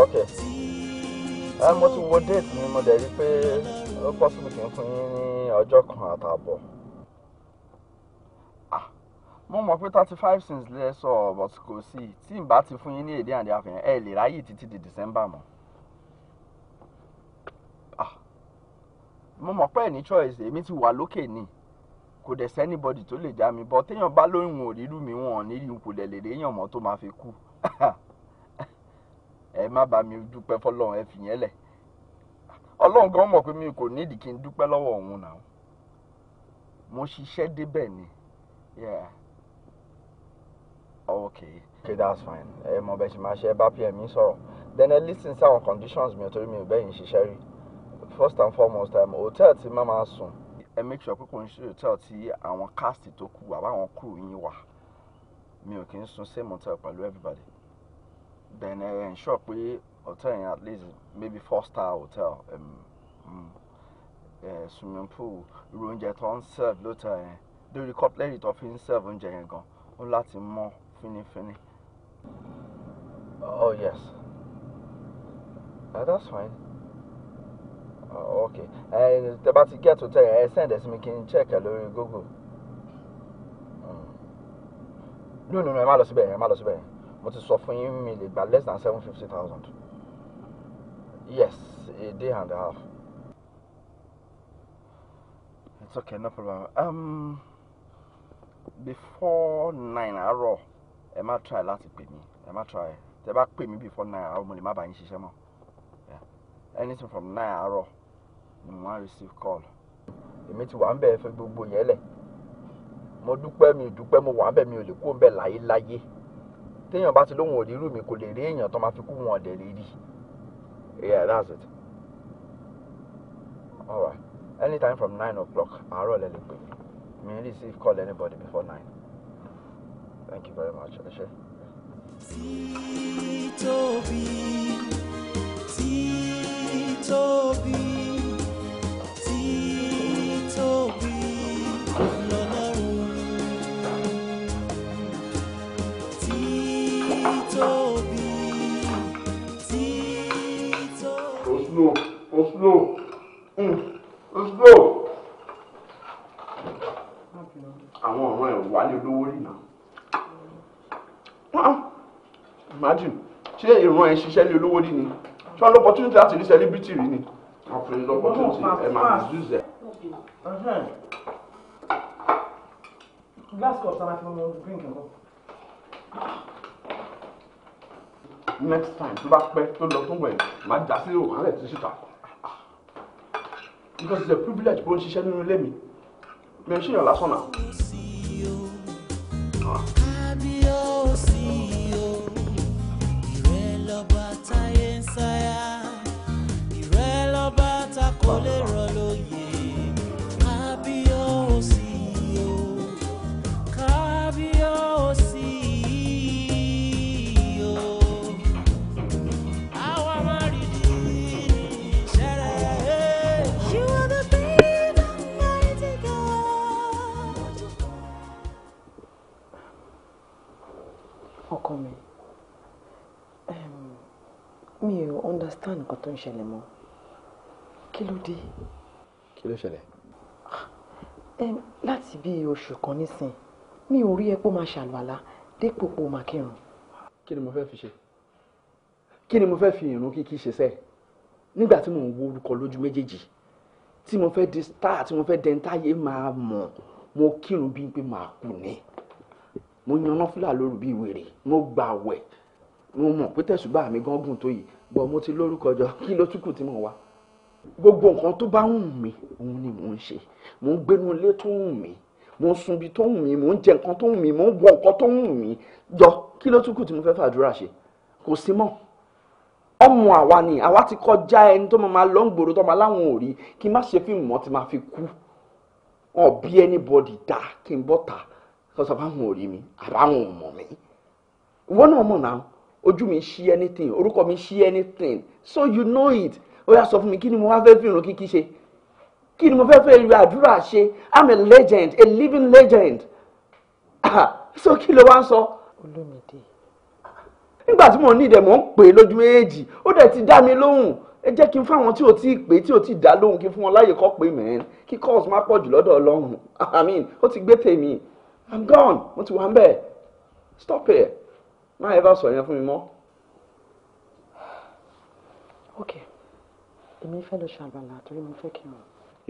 ok ah, mo ti wo date mi mo dẹ̀ rí pé ó pọ́sibú kí n fún yín ní ọjọ́ kan àtààbọ̀ ah, mo mọ̀ pé thirty five cents lè sọ but kò sí tí n bá ti fún yín ní èdè àdé àfihàn ẹ lè ráyè títí di December mọ́ ah, mo mọ̀ pé ẹ̀ ní choice èmi ti wà lókè ni kò dẹ̀ sẹ́nibọ́dì tó lè já mi bọ́ téèyàn bá lóyún òrírù mi wọn ò ní rí n kò dẹ̀ lè réyàn mọ́ tó máa fi kú ẹ má bá mi dúpẹ́ fọlọ́run ẹ fìyẹn lẹ̀ ọlọ́run gan mọ̀ pé mi kò nídìí kí n dúpẹ́ lọ́wọ́ òun náà mo ṣiṣẹ́ débẹ̀ ni yeah okay that's fine ẹ mọ bẹ ṣe máa ṣe ẹ bá pm mi sọ̀rọ̀ then ẹ listen sí àwọn conditions mi torí mi ò bẹ́yìn ṣiṣẹ́ rí first and foremost um, hotel ti má máa sùn ẹ make sure pé kò ń ṣe hotel tí àwọn cast tó kù àbáwọn crew yín wà mi ò kì í sun same hotel pẹ̀lú everybody then in uh, ensure we hotel yẹn at least maybe four star hotel um, um, uh, swimming pool room oúnjẹ tó ń serve lóòótọ́ yẹn lórí cutlery tó fi ń serve oúnjẹ yẹn gan ó láti mọ́ fínífíní. oh yes uh, that's fine. Uh, okay eh, tẹ bá ti get hotel yẹn send ẹ making check ẹ lórí google. Hmm. no no no I'm má lọ síbẹ̀ yẹn ẹ má lọ mo ti sọ fún yín mi less than seven thousand yes a day and a half it's okay no problem um, before nine àárọ̀ ẹ má try láti pè mí ẹ má try tẹ back pay me before nine àárọ̀ mo lè má bàa anything from nine àárọ̀ ni mo máa receive call èmi ti wà ń bẹ̀ ẹ fẹ́ gbogbo yẹn lẹ̀ mo dúpẹ́ mi dúpẹ́ mo wà ń bẹ̀ mi ò lè téèyàn bá ti lóhùn òdì irú mi kò lè rí èèyàn tó máa fi kú wọn ọ̀dẹ̀ lè yeah that's it all right anytime from nine o'clock àárọ̀ lẹ lè pè mí mi receive call anybody before nine thank you very much ẹ ṣé. títóbi. slow mm. slow àwọn ọ̀ràn ẹ̀ wà ní olówó rí nà ah, imagine ṣé ìran ẹ̀ ṣiṣẹ́ ní olówó rí ni ṣé wọn lọ́pọ̀tunity láti rí celebrity rí ni wọn fún un lọ́pọ̀tunity ẹ̀ máa ní zuzẹ̀. glass cup sanni fún mi drink nǹkan. next time tó bá pẹ́ tó lọ tó wẹ̀ máa dá sí òkàlẹ̀ tó ṣìkà because it's a privilege position ń ṣiṣẹ́ nínú mention your last one now. ò understand nǹkan tó ń ṣẹlẹ̀ mọ́ kí ló dé. kí ló ṣẹlẹ̀. láti bí oṣù kan nísìn mi ò rí ẹ pé ó máa ṣàlùwàlà dépò pé ó máa kírun. kí ni mo fẹ́ fi ṣe kí ni mo fẹ́ fi ìrun kíkí ṣe sẹ́ẹ̀ nígbà tí mò ń wo orúkọ lójú méjèèjì tí mo fẹ́ di star tí mo fẹ́ dẹ́ntáyé máa mọ̀ mo kírun bíi pé màá kú ni mo yan náfìlà lóru bíi wèrè mo gbààwẹ̀ mo mọ̀ pé tẹ̀sùbà mi gángun tó yìí bọ̀ mo ti lórúkọ jọ kí ló túkù tí mò ń wá gbogbo nǹkan tó bá wùn mí òun ni mò ń ṣe mò ń gbénu ilé tó wùn mí mò ń sunbi tó wùn mí mò ń jẹ nǹkan tó wùn mí mò ń wọ nǹkan tó wùn mí jọ kí ló túkù tí mo fẹ́ fàdúrà ṣe kò sí mọ́ ọmọ àwa ni àwa ti kọjá ẹni tó máa lọ ń gbòòrò tó máa láwọn ò rí kí n má ṣe fíìmù mọ́ ti máa fi kú ọ̀bí anybody dá kí n bọ́ ta kọ́sọ̀ báwọn ò rí mi àbáwọn ò mọ̀ mí ìwọ náà mọ̀ náà ojú mi ṣí anything orúkọ mi ṣí anything so you know it ó yá sọ fún mi kí ni mo wá fẹ́ fi irun kíkí ṣe kí ni mo fẹ́ fẹ́ rí àdúrà ṣe i'm a legend a living legend so kí ló wá ń sọ. olómìdé. nígbà tí mo ní ìdẹ̀ mò ń pè é lójú méjèèjì ó dẹ̀ ti dá mi lóhùn ẹ jẹ́ kí n fáwọn tí ò tí ì pé tí ò tí ì dá lóhùn kí fún wọn láàyè kọ́ pé mẹ́rin kí calls má pọ̀ jù lọ́dọ̀ ọlọ́run i mean ó ti gbé tèmi i'm gone mo ti wà ń bẹ̀ stop here má ẹ bá sọ yẹn fún mi mọ́. ok èmi fẹ́ lọ ṣàgbàlà torí mo fẹ́ kí n.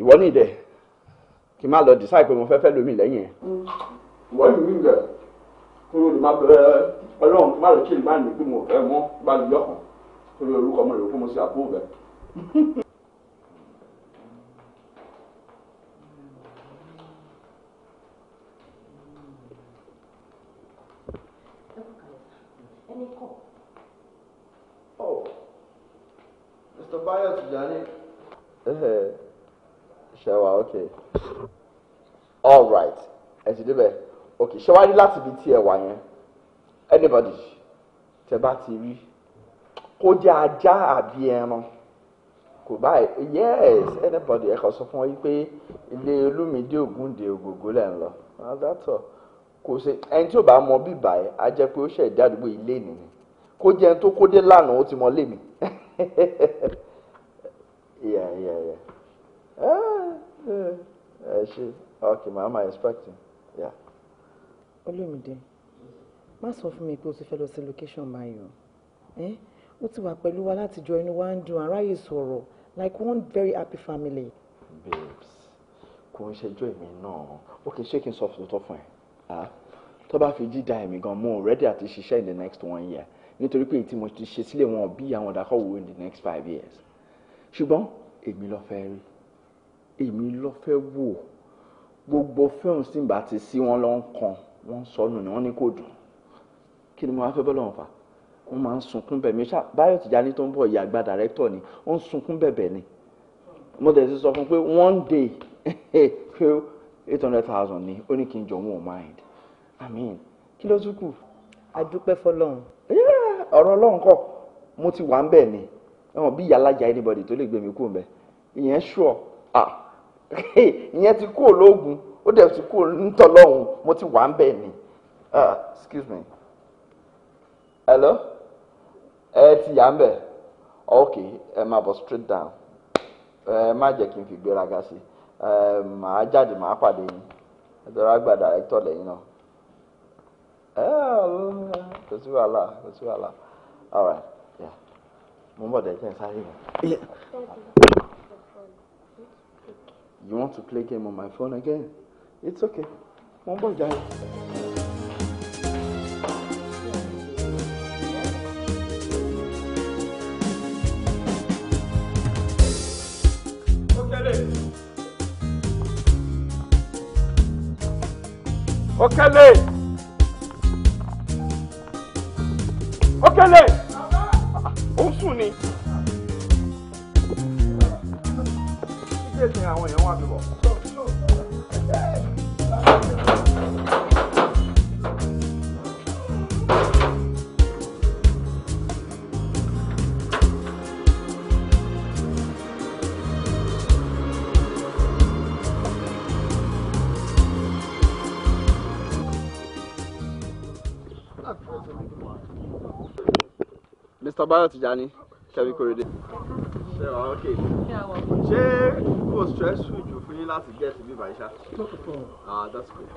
ìwọ ní ìdẹ kí n má lọ decide pé mo fẹ́ fẹ́ lómi lẹ́yìn ẹ̀. Mm. ìwọ yìí mi ń gẹ̀ kúrò ní má bẹ ọlọ́run má lọ kí n má ní pé mo fẹ́ mọ́ bá lè yọkàn torí orúkọ mọ̀ lè fún mo sí àpò bẹ́ẹ̀. Johnny? Uh, shower, okay. All right. Ẹ ti débẹ̀. Okay, ṣé wá rí láti ibi tí ẹ wà yẹn? Anybody tẹ bá ti rí kó jẹ́ ajá àbí ẹran kò báyìí yes anybody ẹ kàn sọ fún ọ yìí pé ilé olúmídé ògúndé ògògó lẹ̀ ń lọ adátọ̀ kò sí ẹni tí ò bá mọ bíbà ẹ á jẹ́ pé ó ṣẹ̀ dádúgbò ilé nìyẹn kó jẹ́ ẹni tó kó dé lánàá ó ti mọ lé Yeah, yeah, yeah. Ah, yeah. Uh, she, okay, ma, am I expecting? Yeah. Olumide, má sọ fún mi pé o ti fẹ́ lọ sí location báyìí o. Ó eh? ti wà pẹ̀lú wa látijọ́ inú wa ń dùn aráyè like one very happy family. Babes, kò ń ṣẹjọ́ èmi náà. Ok, ṣé kí n sọ tòótọ́ fún ẹ? Tó bá fi jíjà èmi gan, mo ready àti ṣiṣẹ́ in the next one year. Nítorí pé èyí tí mo ti ṣe sílẹ̀ wọn bí àwọn ìdákọ̀wò in the next five years ṣùgbọ́n èmi ló fẹ́ rí èmi ló fẹ́ wò gbogbo fẹ́hùn sì bá ti sí wọn lọ́n kan wọ́n sọnù ni wọ́n ní kò dùn kí ni mo wá fẹ́ bọ́ lọ́wọ́ fà wọ́n máa ń sunkún bẹ̀ mí Báyọ̀ Tìjání tó ń bọ̀ ìyá àgbà dàrẹ́tọ̀ ni ó ń sunkún bẹ̀bẹ̀ ni mo dẹ̀ ti sọ fún pé one day pé eight hundred thousand ni ó ní kí n jọ wọn ò mind amen mean kí ló tún kù. a dúpẹ́ fọlọ́run. ọ̀rọ̀ ọlọ́run kọ́ mo ti wà ń bẹ̀ ni. ẹ̀wọ̀n bí ìyá anybody tó lè gbé mi kú mbẹ ìyẹn sure ah ìyẹn ti kú ológun ó dẹ̀ ti kú ntọ́lọ́hún mo ti wà ni ah excuse me hello ẹ ti yà ok ẹ straight down ẹ má kí n fi gbéraga sí ẹ jáde pàdé yín ẹ tọ́ra director lẹ́yìn náà mo ń bọ̀ dẹ̀ jẹ́ sáré mi. You want to play game on my phone again? It's okay. mo ń bọ̀ jáde. Okele! Okele! mi. Mr. Bayo Tijani ṣẹ́bí kórede. ṣé wàá okay ṣé kò you jù fún yín láti get bí bàyí ṣá. ah that's good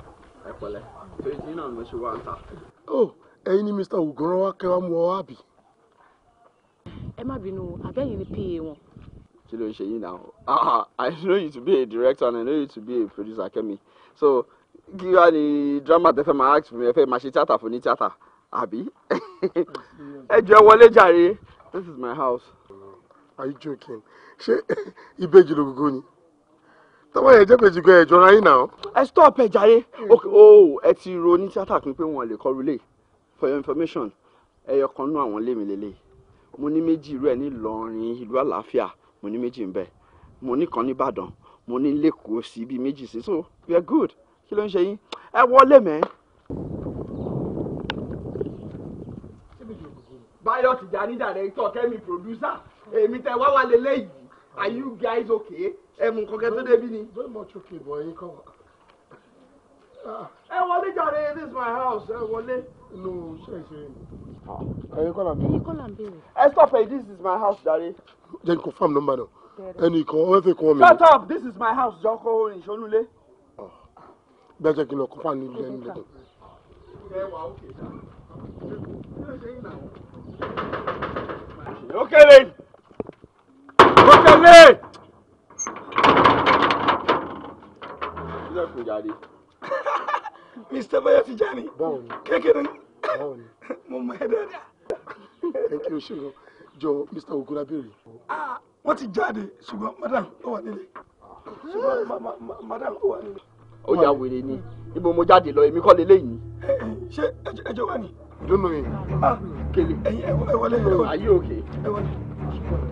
ẹ pẹ̀lẹ́ torí tí náà mo ṣe wá ń ta. Oh, ẹ̀yin ni mr ogunran wa kẹwàá mu ọ àbí. ẹ má bínú abẹ́yìn ni pa wọn. kí ló ń ṣe yín náà ah i know you to be a director and i know you to be a producer kemi so kí wàá ní drama tẹ́fẹ́ máa act fún mi ẹ fẹ́ máa ṣe tíátà fún ní tíátà àbí ẹ jẹ́ wọlé jàre this is my house. are you joking ṣé ìbejì lògùgò ni tọ́wọ́ yẹn jẹ́ bèjì gan ẹ̀jọ̀ ra yín náà. ẹ stop ẹ jàre o oh, ẹ ti ro ní tíátà pín pé wọn lè kọ relay for your information ẹyọ kan nú àwọn lémi lélẹ̀ mo ní méjì irú ẹ ní Ìlọrin ìlú àlàáfíà mo ní méjì ń bẹ mo ní kan ní Ìbàdàn mo ní lẹ́kọ̀ọ́ sí bíi méjì sí so we are good kí ló ń ṣe yín ẹ wọlé mẹ́ẹ́. Bayo Tijani director Kemi producer èmi tẹ wá wà lélẹ́yìí are you guys okay? ẹ mú nǹkan kẹ́tọ́ débi ni. very much okay boy yín kọ́ ah. ẹ wọlé jàre this is my house ẹ wọlé. no ṣe ṣe ẹyin kọ́ là ń bèrè. ẹyin kọ́ là ń ẹ stop ẹ this is my house jàre. then confirm number náà ẹnì kan ọmọ fẹ́ kọ́ mi. shut up this is my house jọkọ ìṣonúlé. Ah. bẹ́ẹ̀ jẹ́ kí n lọ confirm nílẹ̀ nílẹ̀. Okele! Okele! Ilẹ̀kùn jáde. Mr. Bọ́yá ti já ni. Kékeré ni. Mo mọ ẹ dáadáa. Thank you ṣùgbọ́n jọ Mr. Ogunla béèrè. Wọ́n ti jáde ṣùgbọ́n madam ló wà nílé. Ṣùgbọ́n madam ló wà nílé. Ó yà wèrè ni, ibo mo jáde lọ, èmi kọ́ lélẹ́yìn ṣé ẹjọ́ wà ní. don't know him. Ah, kele ẹ wọlé ẹ wọlé. are you okay. ẹ wọlé.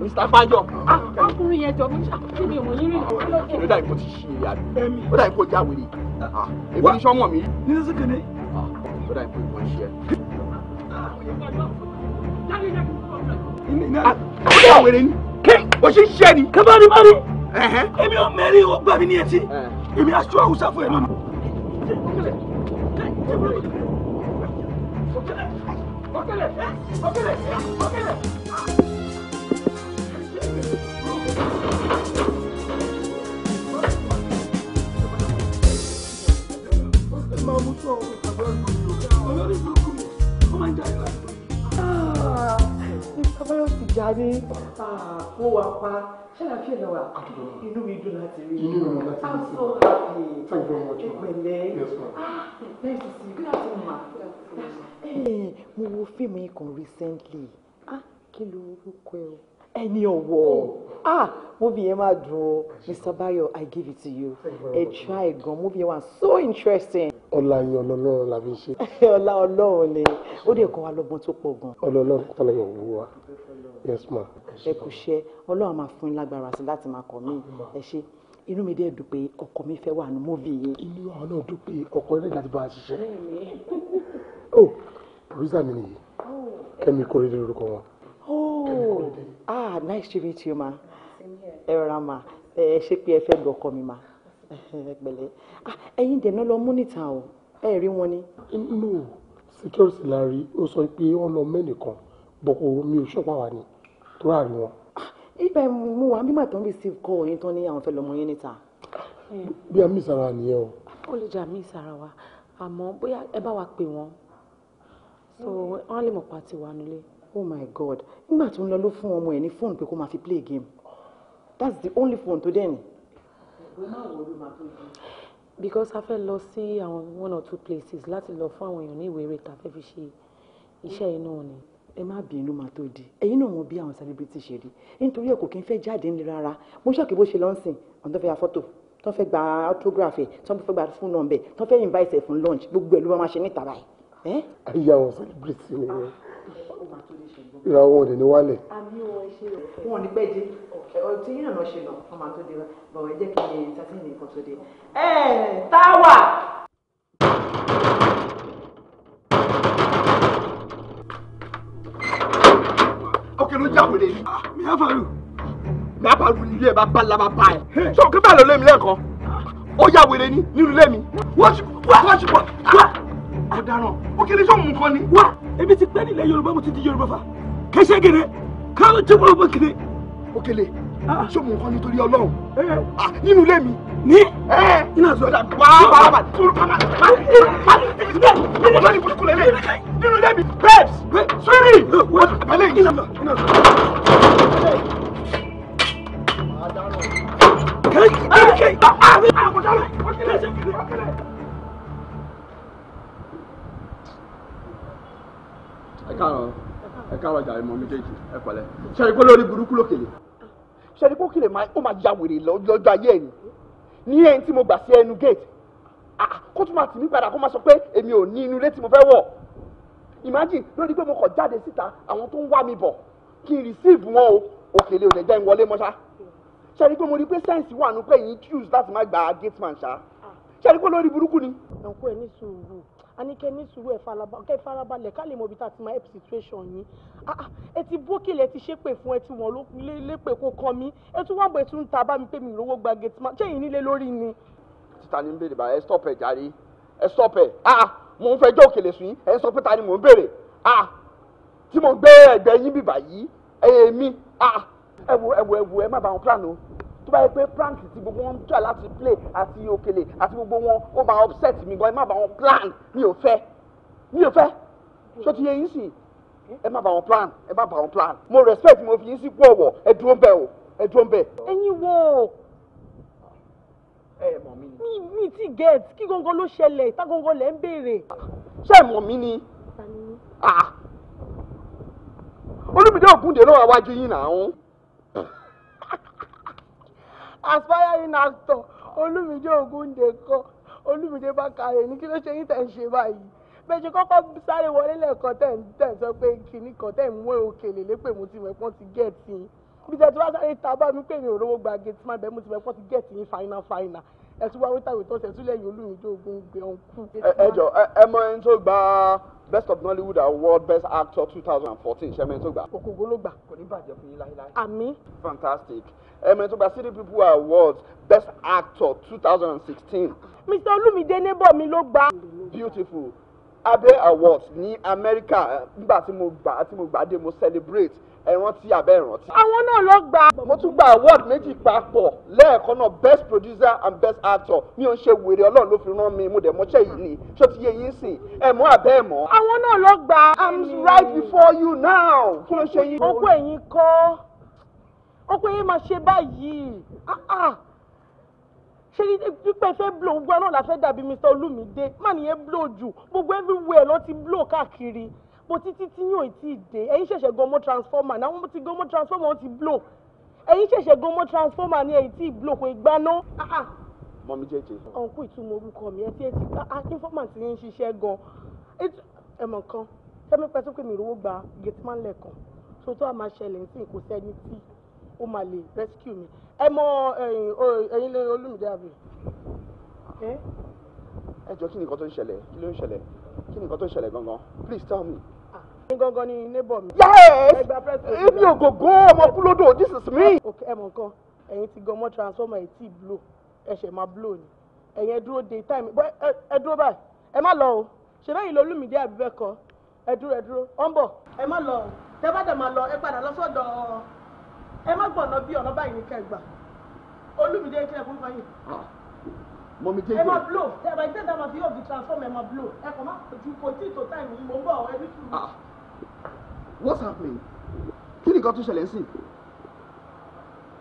mr Banjo. Ah, ọkùnrin yẹn jọ mí ṣàkóso ah, ìwọ̀n yín rí i. ó dà ipò ti ṣe ìyá mi ó dà ipò já wèrè èmi ní sọ́mọ̀ mi. ní sísè kéde. ó dà ipò ìwọ̀ ń ṣe. ó dà wèrè ni. o ṣe ń ṣe ni. kábàárí bá rí. èmi ò mẹ́rin ó gbà mí ní etí eh. èmi aṣọ àwùsá fún ẹ lónìí. Mama, so I'm not even looking. I'm not even looking. Come on, Jack. Mr. Báyọ̀sì jàre mo wà pa ṣàlàfíà lọ wà inú mi dùn láti rí inú mi dùn láti rí I'm so happy thank you very much ma ẹgbẹ̀lẹ́ ah nice to see you good afternoon ma. Eh, mo wo fíìmù yìí kan recently ah kí ló orúkọ o ẹni ọ̀wọ̀ ah movie yẹn máa dùn o Mr. Bayo I give it to you ẹ try gan movie yẹn wà so interesting. ọlá yẹn ọlọ́lọ́run la fi ṣe. ọlá Ọlọ́run ni ó dẹ̀ kọ́ wa lọ́gbọ́n tó pọ̀ gan. ọlọ́lọ́run tọ́lá yẹn wò wá yes ma. ẹ kú ṣe Ọlọ́run máa fún yín lágbára sí láti máa kọ mí ẹ ṣe inú mi dẹ̀ dùn pé ọkọ mi fẹ́ wà ní múvì yìí. inú àwọn náà dùn ọkọ rẹ̀ láti bá a ṣiṣẹ́. o oh, producer mi nìyí oh. Kẹ́mi Kórèdé lórúkọ wọn. Oh, ah, nice to meet you, ma. Same here. Ẹ ma, ẹ ṣe pé ẹ fẹ́ lu ọkọ mi ma. Pẹ̀lẹ́. Ah, ẹ̀yin dẹ̀ náà lọ mú níta o, ẹ rí wọn ni. Eh, no, security la rí, ó sọ pé wọ́n lọ mẹ́nì kan, bọ̀ òun mi ò ṣọ́pà wá ni, tó rà rí wọn. Ibẹ̀ mú wa bí màtọ́ receive call yín tán ní àwọn fẹ́ lọ mọ yín níta. Eh, bí a miss ara nìyẹn o. Ó lè jà miss ara wa, àmọ́ bóyá ẹ bá wa pè wọ́n, so wọ́n lè mọ̀ pa tiwa nílé oh my god nígbà tó ń lọ ló fún ọmọ ẹ̀ ní fóònù pé kó máa fi play game that's the only phone tó dẹ̀ ní. because a fẹ́ lọ sí àwọn one or two places láti lọ fún àwọn èèyàn ní ìwé eré ta fẹ́ fi ṣe iṣẹ́ iná ni ẹ má bínú máa tó di ẹ̀yin náà mọ̀ bí àwọn celebrity ṣe rí nítorí ẹ kò kí n fẹ́ jáde ńlẹ rárá mo ṣàkí bó ṣe lọ ń sìn ọ̀n fẹ́ ya fọ́tò tó fẹ́ gba autograph ẹ̀ tó fẹ́ gba fún nọ́mbẹ̀ tó fẹ́ invite ẹ̀ fún lunch gbogbo ẹ̀ ló máa ṣe níta báyìí. ayé àwọn celebrity nìyẹn ó máa tó lè ṣe gbọ́. ìrà wọn ò dé ní wálẹ̀. àmì ò ṣe rẹ̀. wọn ò ní pẹ́ dé ọtí yìí náà ṣe lọ wọn máa tó dé bọ̀wọ̀ ẹ jẹ́ kí n yẹ tàbí nìkan tó dé. ẹ táwà. ọkẹ ló jáwé lé mi á fàlù mi á fàlù nílé ẹ bá bá la bá ẹ sọ kí bá lọ lé mi lẹ́ẹ̀kan ó yà wèrè ní nílùú lé mi wọ́n ti wọ́n ti wọ́n wọ́n ọ̀daràn ó kiri sọ́ọ̀mù nǹkan ni. wá ebi ti pẹ́ nílẹ̀ yorùbá mo ti di yorùbá fa kẹsẹ́ gẹ̀rẹ́ káwé tí mo bọ̀ kiri. ó kele ah. sọ́ọ̀mù nǹkan nítorí ọlọ́run eh. ah, nínú ilé mi. ní eh. iná sọ dà wá wá wá nínú ilé mi babes sori abẹ́lẹ̀ eh, yìí. Kẹ́kẹ́ kẹ́kẹ́ ah ah ọ̀daràn ah, ó kele ó kele. ẹ káàárọ̀ ẹ káàárọ̀ jàre mọ méjèèjì ẹ pẹ̀lẹ́ ṣẹlẹ kó lórí burúkú lókèlè. ṣẹlẹ kó kèlè máa ó máa ya wèrè lọ́jọ́ ayé ẹ̀ ni ní ẹni tí mo gbà sí ẹnu gate ah, kó tún máa tì mí padà kó máa sọ pé èmi ò ní inú ilé tí mo fẹ́ wọ̀ imagine lórí pé mo kọ̀ jáde síta àwọn tó ń wá mi bọ̀ kí n receive wọn o òkèlè ò lè jẹ́ ìwọlé mọ́ṣá ṣẹ́ni pé mo rí pé sẹ́ǹsì wà nù pé yìí choose láti má gba gate man ṣá ṣẹ́ni pé lórí burúkú ni. ẹ̀kọ́ ẹ̀ ní sùúrù àníkẹ́ ní sùúrù ẹ̀ farabalẹ̀ farabalẹ̀ ká lè mọ ibi tá a ti máa help situation yìí ah, ah, ẹ ti bókèlè ẹ ti ṣépè fún ẹ ti wọ́n lépè kó kàn mí ẹ tún wá bọ̀ ẹ tún ta bá mi pé mi ìrówó gba gate man ṣé èyí nílé lórí ni. títa ni ń béèrè bá ẹ stop ẹ jàre ẹ stop ẹ ah, ah mò ń fẹ́ jẹ́ òkèlè sùn yín ẹ sọ pé ta ni mò ń béèrè ah tí mo gbé ẹgbẹ́ yín bìbà yìí ẹ yẹ mí ah ẹ wo ẹ wo ẹ wo ẹ má bá wọn plan o tó bá yẹ pé prank ti gbogbo wọn jà láti play àti òkèlè àti gbogbo wọn ó máa upset mi gan ẹ má bá wọn plan mi ò fẹ́ mi ò fẹ́ ṣó ti yẹ yín sì ẹ má bá wọn plan ẹ má bá wọn plan mo respect mo fi yín sí kú ọ̀wọ̀ ẹ dúró bẹ́ẹ̀ o ẹ dúró bẹ́ẹ̀. ẹ̀yin wo ẹ mọ̀ mí ni. mi mi ti get kí gangan ló ṣẹlẹ̀ ìta gangan lẹ̀ ń béèrè. ṣé ẹ mọ̀ mí ni. Ah. olùbídé ògúndé ló wà wájú yín náà aspiring actor olúmídé ògúndé kọ olúmídé bákàrẹ ní kí ló ṣe yín tẹ̀ ń ṣe báyìí bẹ́ẹ̀ ṣe kọ́kọ́ sáré wọlé lẹ́ẹ̀kan tẹ̀ ń tẹ̀ sọ pé kìnnì kan tẹ̀ ń mú òkèlè lépè mo ti mọ̀ ẹ̀pọ́n ti gẹ̀ẹ́tì bí tẹ̀ tí wọ́n sáré ta bá mi pè mí òróró gba gate man bẹ́ẹ̀ mo ti mọ̀ ẹ̀pọ́n ti gẹ̀ẹ́tì yín final final ẹ̀sùn wa wítàwé tó ṣẹ̀sùn lẹ́yìn olùyìnjọ́ ogun gbé ọ̀hún kú. ẹ jọ ẹ mọ ẹni tó gba best of nollywood award best actor two thousand and fourteen ṣẹ́mi ẹni tó gbà. òkùnkùn ló gbà kò ní bàjẹ́ fún yín láéláé. àmín. fantastic ẹmọ tó gba city people awards best actor two thousand and sixteen. mr olumide neighbor mi ló gbà. beautiful abbey awards ní amẹ́ríkà nígbà tí mo gbà tí mo gbà dé mo celebrate ẹ̀rántí abẹ́ ẹ̀rántí. àwọn náà ló gbà. mo tún gba award méjì papọ̀ lẹ́ẹ̀kan náà best producer and best actor mi ò ṣe wèrè ọlọ́run ló fi rán mi mo dẹ̀ mọ́ṣẹ́ yìí ni ṣó ti yé yín sìn ẹ̀ mọ́ abẹ́ mọ́. àwọn náà ló gbà. i'm right before you now. kí ló ṣe yín. ọkọ ẹ̀yin kọ́ ọkọ ẹ̀yin máa ṣe báyìí ah, ah. ṣe ní pípẹ́ fẹ́ blow gbogbo náà la fẹ́ dàbí Mr. Olumide má nìyẹn blow jù gbogbo everywhere ló ti blow káàkiri epo títí tí yóò tí ì dé ẹ̀yin ṣẹ̀ṣẹ̀ transformer náà wọ́n ti gan transformer wọ́n ti blow ẹ̀yin ṣẹ̀ṣẹ̀ gan transformer ni ẹ̀yin tí ì blow kò gbaná ah, ah. mọ mi jẹjẹ. ọ̀nkú ìtumọ̀ orúkọ mi ẹ ti ẹ ti bá ah, informant yẹn ń gan-an ẹmọ kan fẹ́mi pẹ́ tó pé mi rówó gba gateman lẹ́ẹ̀kan tó tó a máa ṣẹlẹ̀ sí kò sẹ́ni tí ó máa lè rescue mi ẹ mọ ẹyin olùmídé àbí. ẹ jọ kí ni nǹkan tó ń ṣẹlẹ̀ kí ló ń ṣẹlẹ̀ kí ni nǹkan tó ń ṣẹlẹ̀ gangan please tell me ní gangan ni neighbor mi. yes èmi ò ọmọ kúlódò this is me. ok ẹ nǹkan ẹ̀yin ti gan mọ́ transformer ẹ̀ tí blow ẹ máa blow ni ẹ̀yin ẹ dúró time ẹ dúró báyìí ẹ má lọ o ṣe bẹ́ẹ̀ yìí lolú mi dé àbí bẹ́ẹ̀ kọ́ ẹ dúró ẹ ń bọ̀. ẹ má lọ tẹ bá dẹ̀ máa lọ ẹ padà lọ ẹ má gbọ̀nà bí ọ̀nà báyìí ní kẹgbà olùmídé kí ẹ fún fún yìí. Ah, ẹ má blow ẹ má blow ẹ kàn má kò tí ì tó táìmù what's happening kí ni nǹkan tó ṣẹlẹ̀ sí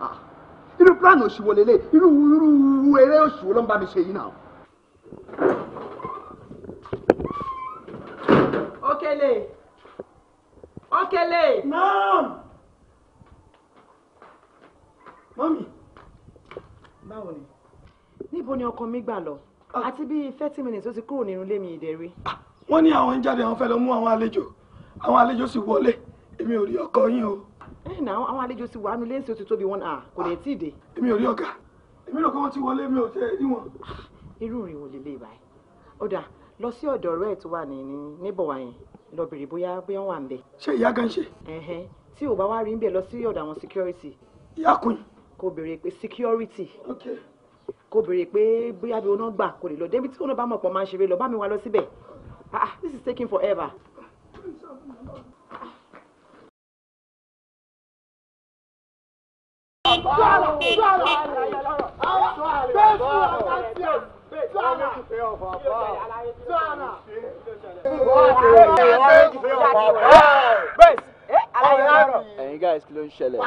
ah, irú plan òṣùwò lélẹ̀ irú irú eré òṣùwò ló ń bá mi ṣe yìí náà. Okele Okele. naam mọ́mì báwo ni. níbo ni ọkọ mi gbà lọ ah. àti bíi thirty minutes ó ti kúrò nínú ilé mi ìdẹ̀rẹ̀. Ah, wọ́n ní àwọn ń jáde àwọn fẹ́ lọ mú àwọn àlejò àwọn àlejò sì wọlé èmi ò rí ọkọ yín o. ẹ eh, nà àwọn àlejò sì wà nílé ṣe òtítọ́ bí wọn à kò lè tíì dé. èmi ò rí ọ̀gá èmi rò pé wọ́n ti wọlé mi ò tẹ ẹ níwọ̀n. irú rìn wò lélẹ̀ báyìí ọ̀dà lọ sí ọ̀dọ̀ ọ̀rẹ́ ẹ̀ tó wà ní níbọ̀ wá yẹn lọ bèrè bóyá bóyá wà ń bẹ̀. ṣé ìyá gan ṣe. tí ò bá wá rí ń bẹ̀ lọ sí ọ̀dọ̀ àwọn security. ìyá kun. kò béèrè pé security. okay kó béèrè pé bóyá bí oná gbà kò lè lọ débi tí oná bá mọ̀ pọ̀ máa ń ṣeré lọ bá mi wá lọ síbẹ̀ ah, ah this is taking forever. Bẹ́ẹ̀ni ẹ̀yin guys kí ló ń ṣẹlẹ̀.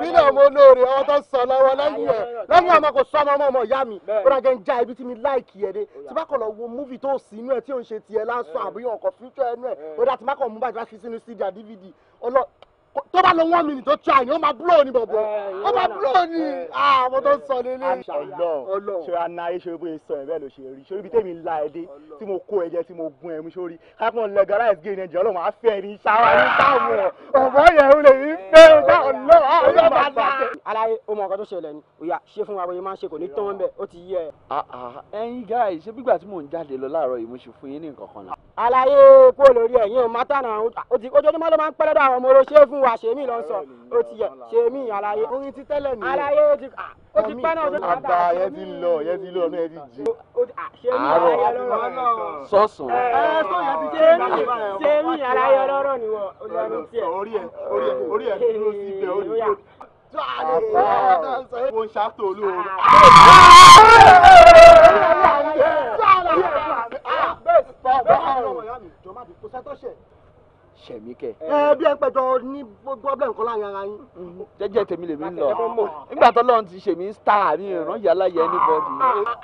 mi náà mo lóore ọwọ́ tó sọ lọ́wọ́ lẹ́yìn ẹ̀ lẹ́yìn àmọ́ kò sọ ọmọ ọmọ ìyá mi bọ́dàgẹ́ ń já ibi tí mi láìkì ẹ̀ dé tí bá kọ̀ lọ wo múvì tó sí inú ẹ̀ tí ò ń ṣe tiẹ̀ lásán àbúyọ̀ ọkọ̀ fíjọ́ ẹnu ẹ̀ ó dá tí bá kọ̀ mú bàjẹ́ fi sínú tó bá lọ one minute tó try ni ó máa blow ni bọ̀bọ̀ eh, ó máa blow ni àwọn eh. ah, tó ń sọ lélẹ̀. ọlọ́run ṣe anáyé ṣe sọ ẹ bẹ́ẹ̀ ló ṣe rí ṣe ibi tèmi la ẹ dé tí mo kó ẹ̀jẹ̀ tí mo gun ẹmu sórí kápọn legalize gay nàìjíríà ọlọ́run á fẹ́ ní ṣáwá ní táwọn ọ̀bọ yẹn ń lè ní fẹ́ ọjọ́ ọlọ́run ah, ọjọ́ dá. aláyé ó mọ tó ṣẹlẹ̀ ni òyà ṣé fún wa bóyá máa ń ṣe kò ní tán bẹ́ẹ̀ àlàyé kú olórí ẹ̀yìn o mátànà ló máa ń pẹ́ lọ́dọ̀ àwọn ọmọ oróṣẹ́ fún wa ṣèmí ló sọ ó ti yẹ ṣèmí àlàyé. orin ti tẹ́lẹ̀ nìyẹn àlàyé ó ti ó ti pẹ́ náà. àgbà yẹn ti lọ yẹn ti lọ náà yẹn ti jì. àárọ̀ sọ̀sùn. ẹ sọ yẹn ti ṣèmí ṣèmí àlàyé ọlọ́rọ̀ ni wọ́n lọ́nu tiẹ̀. orí ẹ orí ẹ orí ẹ ló ti bẹ̀ ó ní kó. mo ń ṣàtò olúwo sẹ̀mí kẹ. ẹ bí ẹ pẹjọ ní problem kan láàrin ara yín. Mm-hmm. jẹ́jẹ́ tèmi lèmi ń lọ nígbà tó lọ́run ti ṣèmí star mi ìran yàrá yẹ ní bọ́ọ̀dì.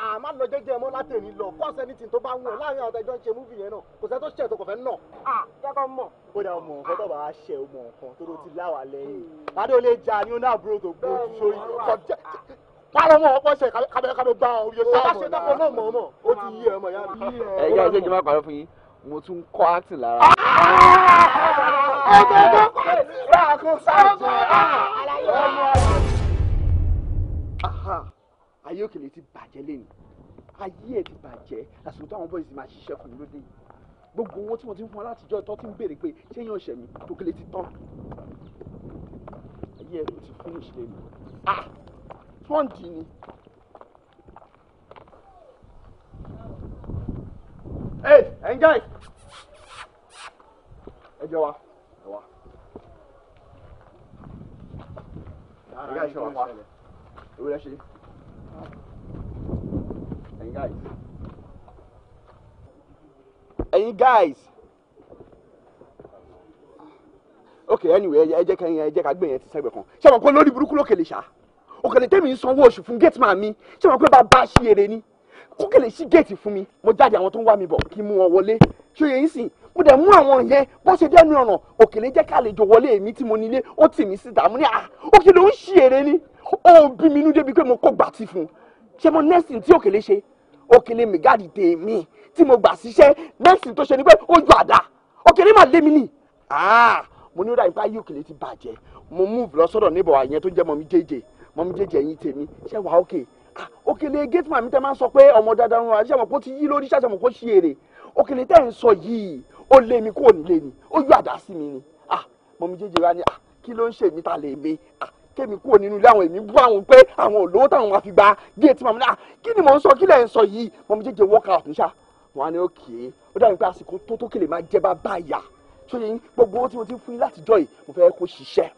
a má lọ jẹ́jẹ́ mọ́ látẹ̀mí lọ kọ́ọ̀sì anything tó bá wù ẹ́ láàrin àwọn ẹjọ́ ń ṣe múfì yẹn náà kò sẹ́ tó ṣẹ̀ tó kò fẹ́ nà. Ah, jẹ́kọ̀ mọ̀. ó dà ọmọ nǹkan tó bá a ṣe ọmọ nǹkan tó ló ti láwàá lẹ́yìn adé hmm. ó lè pààrọ̀ mọ̀ ọkọ ṣe kábẹ́ kábẹ́ bá ọ yẹ ká ṣe dáko náà mọ̀ ọmọ ó ti yí ẹ mọ̀ yá mi. ẹ yá ẹjẹ jẹmọ àpàrọ fún yín mo tún kọ́ àtì lára. ọmọ ọmọ kọ́ àtì lára kó sáàjọ ọmọ ọmọ. ayé òkèlè ti ayé ẹ̀ ti bàjẹ́ àsìkò táwọn bọ́ọ̀sì máa ṣiṣẹ́ fún mi lóde yìí gbogbo owó tí mo ti ń fún ọ látijọ́ tó ti ń béèrè pé ṣé yàn ṣẹ̀ tó kílé ti tán ayé ẹ̀ ti fún ìṣẹ̀lẹ̀ mi sponge ni. Hey, enjoy. Ẹ jọ wa. Ẹ wá. Ẹ̀yin guys ṣe wà wá. Ewu lẹ ṣe. Ẹ̀yin guys. Ẹ̀yin guys. Okay anyway ẹ jẹ́ kẹ́yìn ẹ jẹ́ ká gbẹ̀yìn ẹ ti sẹ́gbẹ̀ kan. Ṣé àwọn kan lórí burúkú lókè lè ṣá? ọ̀kẹ́lẹ̀ tẹ́mi ń sanwó oṣù fún gate man mi ṣé wọn pé bàbá ṣí èrè ni kókèlè ṣí gate fún mi mo jáde àwọn tó ń wá mi bọ̀ kí n mú wọn wọlé ṣé yẹn sìn mo dẹ̀ mú àwọn yẹn bó ṣe dẹ́nu ọ̀nà òkèlè jẹ́ ká àlejò wọlé èmi tí mo nílé ó tì mí síta mo ní à òkèlè ó ń ṣí èrè ni ó bí mi inú débi pé mo kó gbàtì fún un ṣé mo nẹ́sìn tí òkèlè ṣe òkèlè mẹ̀gáàdì tèmi tí mo gbà síṣẹ́ nẹ́sìn tó ṣe ni pé ó ju àdá òkèlè mà lé mi nì ah, mo ní ó dà yín pé ayé òkèlè ti bàjẹ́ mo move lọ sọ́dọ̀ níbọ̀ àyẹn tó jẹ́ mọ́ mi jẹ́jẹ́ mọ́mí jẹ́jẹ́ yín tèmi ṣé wàá òkè òkèlè ah, gateman mi tẹ́ máa ń sọ pé ọmọ dáadáa ń ra ṣé àmọ́ kó ti yí lórí ṣáṣẹ́ àmọ́ kó ṣí èrè òkèlè tẹ́ ń sọ yìí ó lé mi kó nílé ni ó yọ àdá sí mi ni ah, mọ́mí jẹ́jẹ́ wa ni ah, kí ló ń ṣe mí ta lè mi kémi kúrò nínú ilé àwọn èmi bú àwọn pé àwọn olówó táwọn máa fi gba gateman mi náà kí ni mò ń sọ kí lẹ̀ ń sọ yìí mọ́mí jẹ́jẹ́ work out níṣà wọn á ní òkè ó dàbí pé àsìkò tó tó kèlè máa jẹ́ bá báyà ṣóyè gbogbo owó tí mo ti fún yín látijọ́ yìí mo fẹ́ kó ṣiṣẹ́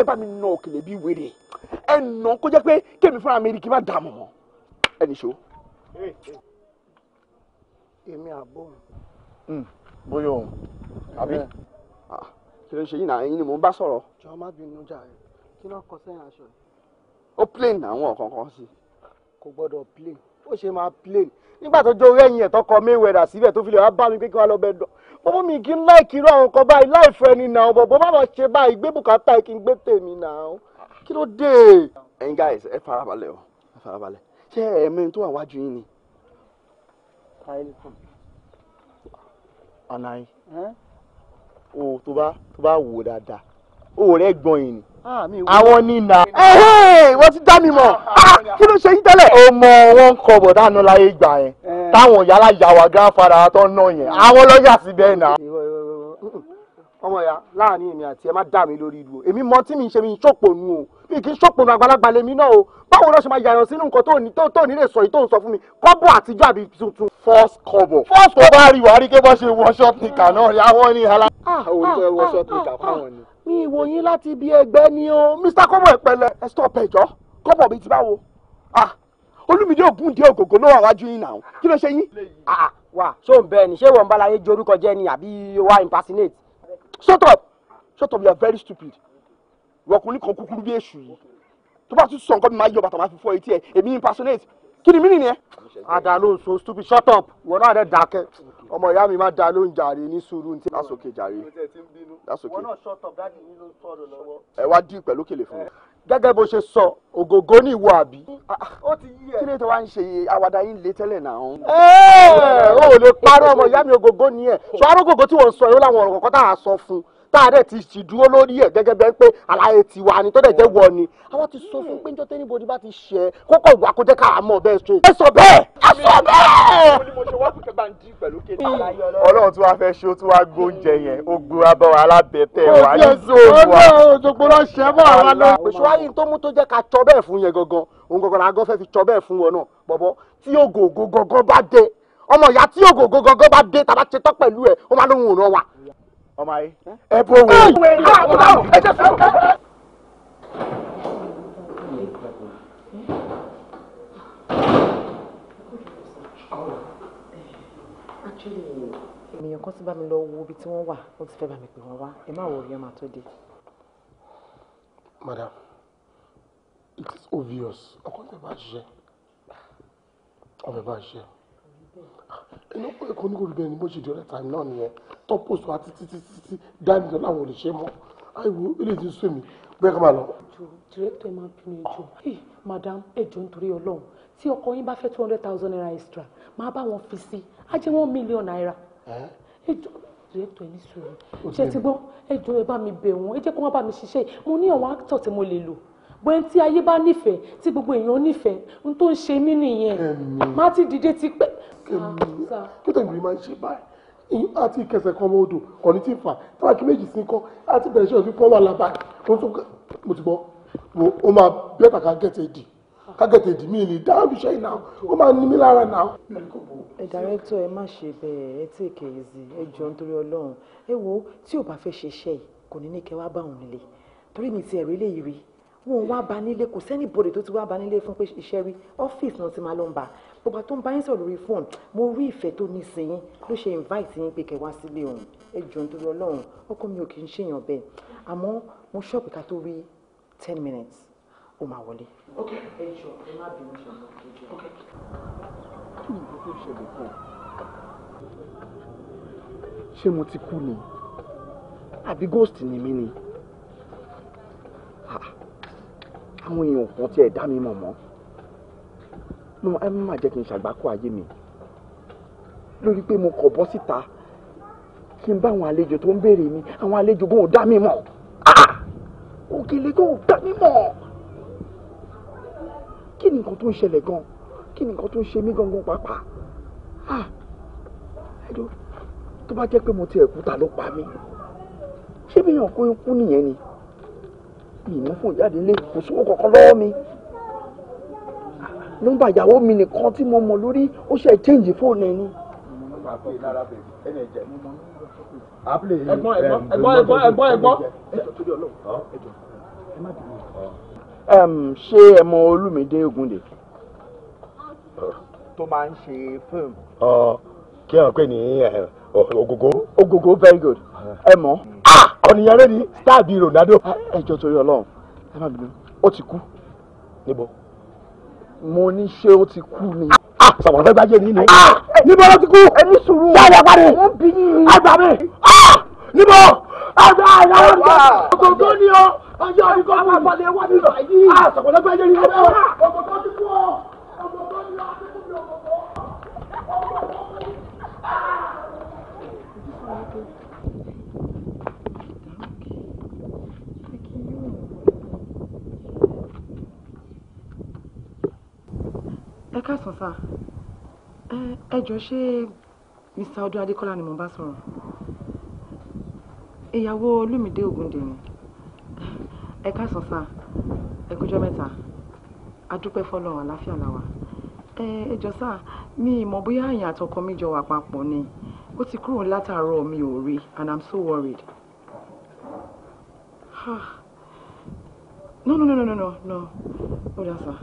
ẹ bá mi nà òkèlè bíi wèrè ẹnà kó jẹ́ pé kémi fúnra mi rí kí n má dààmú mọ́ ẹnì ṣó. èmi àbò. Hmm, bóyá òun àbí. Ah, kí ló ń ṣe yín náà ẹ̀yin ni mò ń bá sọ̀rọ̀. jọ má bínú jàre kí ló kọ sẹ́yìn aṣọ yìí. ó plain àwọn ọ̀kan kan sí. kò gbọ́dọ̀ plain ó ṣe máa plain nígbà tó jó rẹ́yìn ẹ̀ tọkọ Mayweather síbẹ̀ tó fi lè wá bá mi pé kí wọ́n lọ bẹ dọ̀ bọ́bọ́ mi kí n láìkí irú àwọn kan báyìí láìfẹ́ ni nà ọ́ bọ̀ bọ́ ṣe báyìí gbé bùkátà kí n gbé tèmi nà ọ́ kí ló dé ẹ̀yin guys ẹ farabalẹ̀ o ẹ farabalẹ̀ ṣé ẹ̀mí tó wà wájú yín ni. ànáyìn o tó bá tó bá wò dáadáa o rẹ gbọ́n yìí ni àwọn nínà wọ́n ti dá mi mọ̀ ah, kí ló ṣe yín tẹ́lẹ̀ o mọ wọn kọ bọ̀dá àná láyé gbà yẹn táwọn yàrá yàwá gáfara tó ń ná yẹn àwọn lọ́yà síbẹ̀ náà ọmọ ya láàrin èmi àti ẹ má dá mi lórí ìlú èmi mọ tí mi ń ṣe mi ń ṣòpò nu o kì í ṣòpònà àgbàlagbà lèmi náà o báwo ló ṣe máa yàyàn sínú nǹkan tó ní tó ní lè sọ yìí tó ń sọ fún mi kọ́bọ̀ àtijọ́ àbí tuntun. first kọ́bọ̀ first kọ́bọ̀ bá rí wàá rí kí wọ́n ṣe wọ short nìkà náà rí àwọn ní ala. ah òun ah, wọ ah, short ah, nìkà fáwọn ni. mi ìwò yín láti ibi ẹgbẹ́ ni o. mr kọ́bọ̀ ìpẹ̀lẹ̀ ẹ stop ẹ̀jọ́ kọ́bọ̀ mi ti báwo. ah olùmídé ògùn dé ògògó ló wà wájú yín náà kí ló ṣe yín. wà ṣó ń bẹ ni ṣé wọn bá láyé jorúkọ jẹ ni àbí wá impersonate. shut up shut up you are very stupid wọkùnrin kan kúkúrú bí èṣù yìí tó bá tún sọ nǹkan mi máa yọ bàtà máa fi fọ etí ẹ èmi impersonate kí ni mínì yẹn. ada ló ń so stupid shut up wọn náà dẹ dákẹ́ ọmọ ìyá mi máa da ló ń jàre ní sùúrù ní. that's okay jàre that's okay. wọn náà shut up dáàdi yín ló ń sọ̀rọ̀ lọ́wọ́. ẹ wá dín pẹ̀lú kèlè fún mi. gẹ́gẹ́ bó ṣe sọ ògògó ní ìwọ àbí. ó ti yí ẹ. kí ni tó wá ń ṣe àwàdà yín lé tẹ́lẹ̀ náà. ẹ ẹ o ò lè parọ́ ọmọ ìyá mi ògògó ni ẹ ṣọ́ arógògó tí wọ́n sọ yóò láwọn ọ̀rọ̀ kọ̀ọ̀kan tá à sọ fún un tá a dẹ̀ ti sì dúró lórí ẹ̀ gẹ́gẹ́ bẹ́ẹ̀ pé àlàyé ti wà ní tó dẹ̀ jẹ́ wọ ni àwọn ti sọ fún pé tẹ́ni bòdì bá ti ṣe é kókó ìwà kó jẹ́ ká mọ̀ bẹ́ẹ̀ straight. ẹ sọ bẹ́ẹ̀ ẹ sọ bẹ́ẹ̀. Hmm. ọlọ́run tí wàá ṣe ó tí wàá gbóúnjẹ yẹn ó gbó ọlọ́run òjòkòrò ṣẹ́ mọ́ àwọn náà. pèsè tó mú yẹn gangan òun gangan làgọ́ fẹ́ ọmọ ìyá tí ògògó gangan bá dé tàbá ṣetán pẹ̀lú ẹ̀ ó máa lóhun òun náà wà ọmọ ayé ẹ bó wọ. èèyàn kan ti bá mi lọ wo ibi tí wọ́n wà wọ́n ti fẹ́ bá mi pè wọ́n wá ẹ má wọ orí ọmọ tó dé. madam it is obvious ọkọ tẹ bá ṣiṣẹ́ ọbẹ bá ṣiṣẹ́ ẹnu pé kò ní kò rí bẹ́ẹ̀ bó ṣe di ọ̀rẹ́ tàìmù náà nìyẹn tó post wa títí títí títí dáàbì náà làwọn ò àìwò ilé ti sún mi bẹ́ẹ̀ ká máa lọ. director máa ń pinnu ẹjọ́ madam ẹjọ́ nítorí ọlọ́run tí ọkọ yín bá fẹ́ two hundred thousand naira extra máa bá wọn fi sí á jẹ́ one million naira ẹjọ́ director ẹ ní sùúrù ṣe ti gbọ́ ẹjọ́ ẹ bá mi bẹ̀ wọ́n ẹ jẹ́ kó wọ́n bá mi ṣiṣẹ́ mo ní àwọn actor tí mo lè lò bóyá tí ayé bá nífẹ̀ẹ́ tí gbogbo èèyàn nífẹ̀ẹ́ n tó ń ṣe mí nìyẹn má ti dìde ti pẹ́. Ah, kí tèmi rí máa ń ṣe báyìí àti ìkẹsẹ̀ kan ọmọ odò kò ní ti fà tábàkì méjì sí kọ́ àti bẹ̀rẹ̀ ṣe òfin kọ́ wà lábàá mo ti gbọ́ o máa bẹ́tà ká gẹ̀tẹ̀ dì ká gẹ̀tẹ̀ dì mí ni dáhùn iṣẹ́ yìí náà ó máa ní mí lára náà. ẹ dàrẹ́tọ̀ ẹ má ṣe bẹ́ẹ̀ ẹ tí èkè èzì ẹ jọ nítorí ọlọ́run ẹ wo tí ò bá fẹ́ ṣe iṣẹ́ yìí kò ní ní kẹ́ wá bá torí mi ti ẹ̀rí lè yiri wọn wá bá nílé kò sẹ́ni bòdè tó ti wá bá nílé fún pé iṣẹ́ rí ọ́fíìsì náà ti máa lọ ń bà bàbá tó bá yín sọ̀rọ̀ lórí fóònù mo rí ìfẹ́ tó ní sí ló ṣe invite yín pé kẹ́ wá sílé òun ẹ jọ̀ọ́ nítorí ọlọ́run ọkọ mi ò kì í ṣèyàn bẹ́ẹ̀ àmọ́ mo ṣọ́ọ̀bù ká tó rí ten minutes ó máa wọlé. ok ẹ jọ̀ọ́ ẹ má bínú ṣọlá ok. mo ti kú ni àbí ghost ni mí ni. Ah àwọn èèyàn kan tiẹ̀ dá mi mọ̀ mọ́ mo ẹ má jẹ́ kí n ṣàgbákò ayé mi lórí pé mo kọ̀ bọ́ síta kí n bá àwọn àlejò tó ń béèrè mi àwọn àlejò bó dá mi mọ̀ ah! òkèlè kò dá mi mọ̀ kí ni nǹkan tó ń ṣẹlẹ̀ gan kí ni nǹkan tó ń ṣe mí gangan pàápàá ah! ẹ̀dọ́ tó bá jẹ́ pé mo ti ẹ̀kú ta ló pa mí ṣé bí èèyàn kó ikú nìyẹn ni ìní fún ìjáde ilé kò sówó kankan lọ́wọ́ mi nọ́mbà ìyàwó mi nìkan tí mo mọ̀ lórí ó ṣe change fóònù ẹ̀ ni. ṣé ẹ mọ̀ Olúmídé Ògúndé tó máa ń ṣe fíìmù. kí ẹ pè ní ogogo ogogo very good ẹ mọ̀ ọ̀nìyàn rẹ ni star bíi Ronaldo ẹ jọ̀ọ́ torí Ọlọ́run ẹ má bínú ó ti kú níbo mo ní ṣé ó ti kú ni. sọ̀rọ̀ fẹ́ gbájẹ́ ní ni. níbo ló ti kú. ẹni sùúrù. sáyà parí. wọ́n bí i. àgbà mi. níbo. àgbà àyà wọn ni. ògògó ni ọ. ọjọ́ orí kọ́ mi. àgbàlẹ̀ wà nínú àyè. sọ̀rọ̀ fẹ́ gbájẹ́ ni. ògògó ti kú ọ. ògògó ni ọ. ẹ káàsán sá ẹ jọ ṣé mr ọdún adékọlá ni mo bá sọ̀rọ̀ ìyàwó olúmídé ògúndèmí ẹ káàsán sá ẹ kújọ́ mẹ́ta adúpẹ́ fọ́lọ́run àláfíà làwà ẹ jọ sá mi ìmọ̀ bóyá àyàn àtọkọ mi jọ wà papọ̀ ni ó ti kúrò látàárọ̀ mi ò rí and i'm so worried. no no no no no no no ó dá sá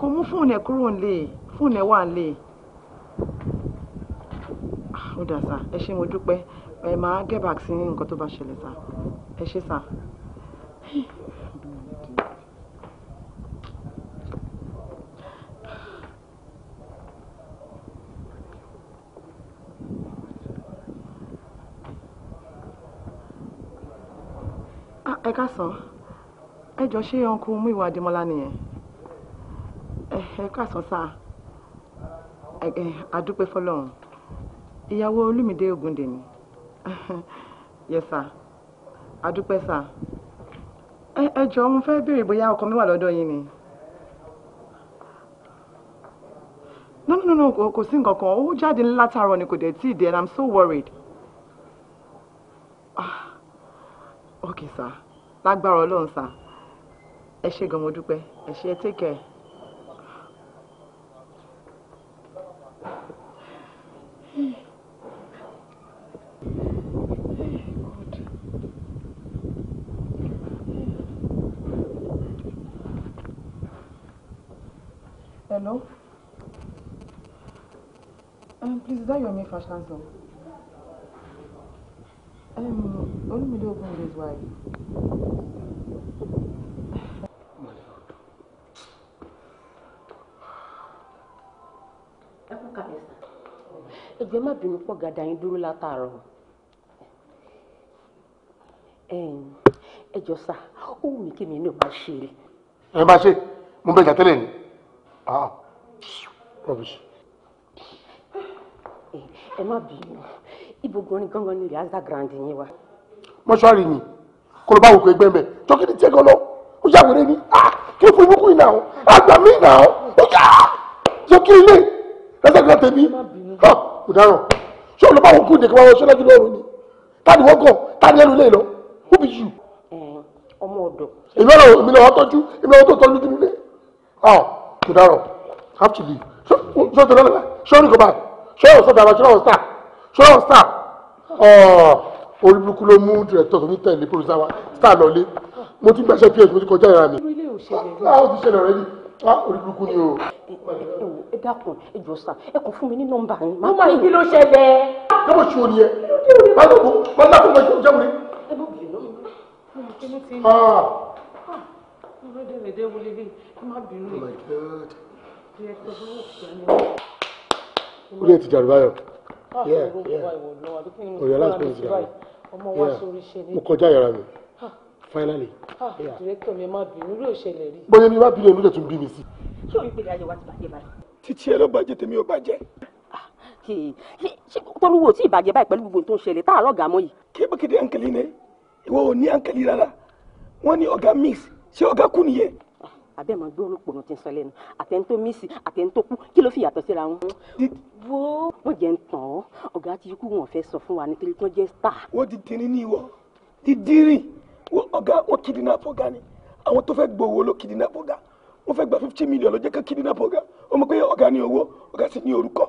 kò mú fóònù ẹ̀ kúrò nílé fóònù ẹ̀ wà nílé ó dà sá ẹ ṣé mo dúpẹ́ ẹ máa get back sí nǹkan tó bá ṣẹlẹ̀ sá ẹ ṣé sá. Ah, ẹ ká sàn ẹ jọ ṣé ọkùnrin mú ìwà Adémọ́lá nìyẹn ẹ ẹ káàsán sá ẹ adúpẹ́ fọlọ́run ìyàwó olùmídé ogundè ni yẹ sá adúpẹ́ sá ẹ ẹ jọ mo fẹ́ béèrè bóyá ọkọ mi wà lọ́dọ̀ yín ni. no no no kò sí nǹkan kan ó jáde látàárọ̀ ni kò dẹ̀ tí ì dé and i'm so worried. Ah, ok sá lágbára ọlọ́run sá ẹ ṣé gan mo dúpẹ́ ẹ ṣé take care. Hello? Um, please, is that your main fashion song? Um, Olumide Ogunde is wife. ẹ kú kàlẹ́ sà ẹgbẹ́ má bínú pọ̀ gàdá yín dúró látàárọ̀ ẹ jọ sà ó wù mí kí mi ní ò bá ṣe. ẹ bá ṣe mo bẹ jà tẹ́lẹ̀ ni ah rubbish. Eh, ẹ má bínú ibo gan gangan ni yàrá grand yín wa. mọ́ṣúárì ni kó ló bá wò pé gbẹ́ mbẹ́ tọ́kìtì tiẹ̀ gan lọ ó yàwèrè ni ah, kí fún ibùkún yìí náà àgbà mí náà ó yà á sókè ilé lọ́sẹ̀ kan tèmi kò dáràn ṣé olùbá òkú ìdèkè wa wọ́n ṣọ́lá jùlọ òru ni tani wọ́n kọ̀ tani ẹnu lé lọ who be you. Eh, ọmọ ọdọ. èmi lọ èmi lọ wọ́n tọ́jú èmi lọ wọ́n tó tọ́jú jù nílé to that up. Have to be. So, so to that, show me go back. Show us that, show us that. Show us that. Oh, olùbùkún ló mú director tó ní tẹ̀lé producer wa star lọlé. Mo ti gbàṣẹ PS mo ti kọjá ìra mi. Orílẹ̀ òṣèlú. Láwọn ti ṣẹlẹ̀ rẹ̀ ni. Olùbùkún ni o. Ẹ dákun, ẹ jọ sàn, ẹ kàn fún mi ní nọ́mbà yín. Mo máa ń kí ló ṣẹlẹ̀. Yọ̀bọ̀ ṣe orí ẹ. Báwo ló kún? Báwo ló kún? Báwo ló kún? Báwo ló kún? dẹ̀ lè dé wọlé lé ẹ má bínú rẹ̀. Oh ó lè ti jàrú o òyà láti pè é jàrú. ọmọ wa sórí iṣẹ́ ni. mo kọjá yàrá mi ah. finally. Ah, dìrẹ́tọ̀ mi má bínú rẹ̀ ò ṣẹlẹ̀ rí. bóyá mi bá bínú ẹnu lè tún bí mi sí. ṣé o rí pé ayé wa ti bàjẹ́ báyìí. títí ẹ ló bàjẹ́ tèmi ò bàjẹ́ ah, tolúwo tí ìbàjẹ́ báyìí pẹ̀lú gbogbo tó ń ṣẹlẹ̀ tá a lọ́gàá mọ́ yìí. kébékéde ankele ne ìwọ ò ní ankele rárá wọn ní ọ̀gá mix ṣé ọ̀gá kú nìyẹn. àbẹ́ ah, mọ̀ gbé orúkọ ọ̀nà tí ń sọ lẹ́nu àtẹ̀ntó mísì àtẹ̀ntó kú kí ló fi yàtọ̀ síra wọn. wo wọn jẹ ń tàn ọ ọ̀gá ti kú wọn fẹ́ sọ fún wa nítorí wọn jẹ star. wọ́n ti dín ní ìwọ ti dírìn ọ̀gá wọn kidnap ọ̀gá ni àwọn tó fẹ́ gbowó ló kidnap ọ̀gá wọn fẹ́ gba fifty million ló jẹ́ ká kidnap ọ̀gá ọmọ pé ọ̀gá ní owó ọ̀gá sì ní orúkọ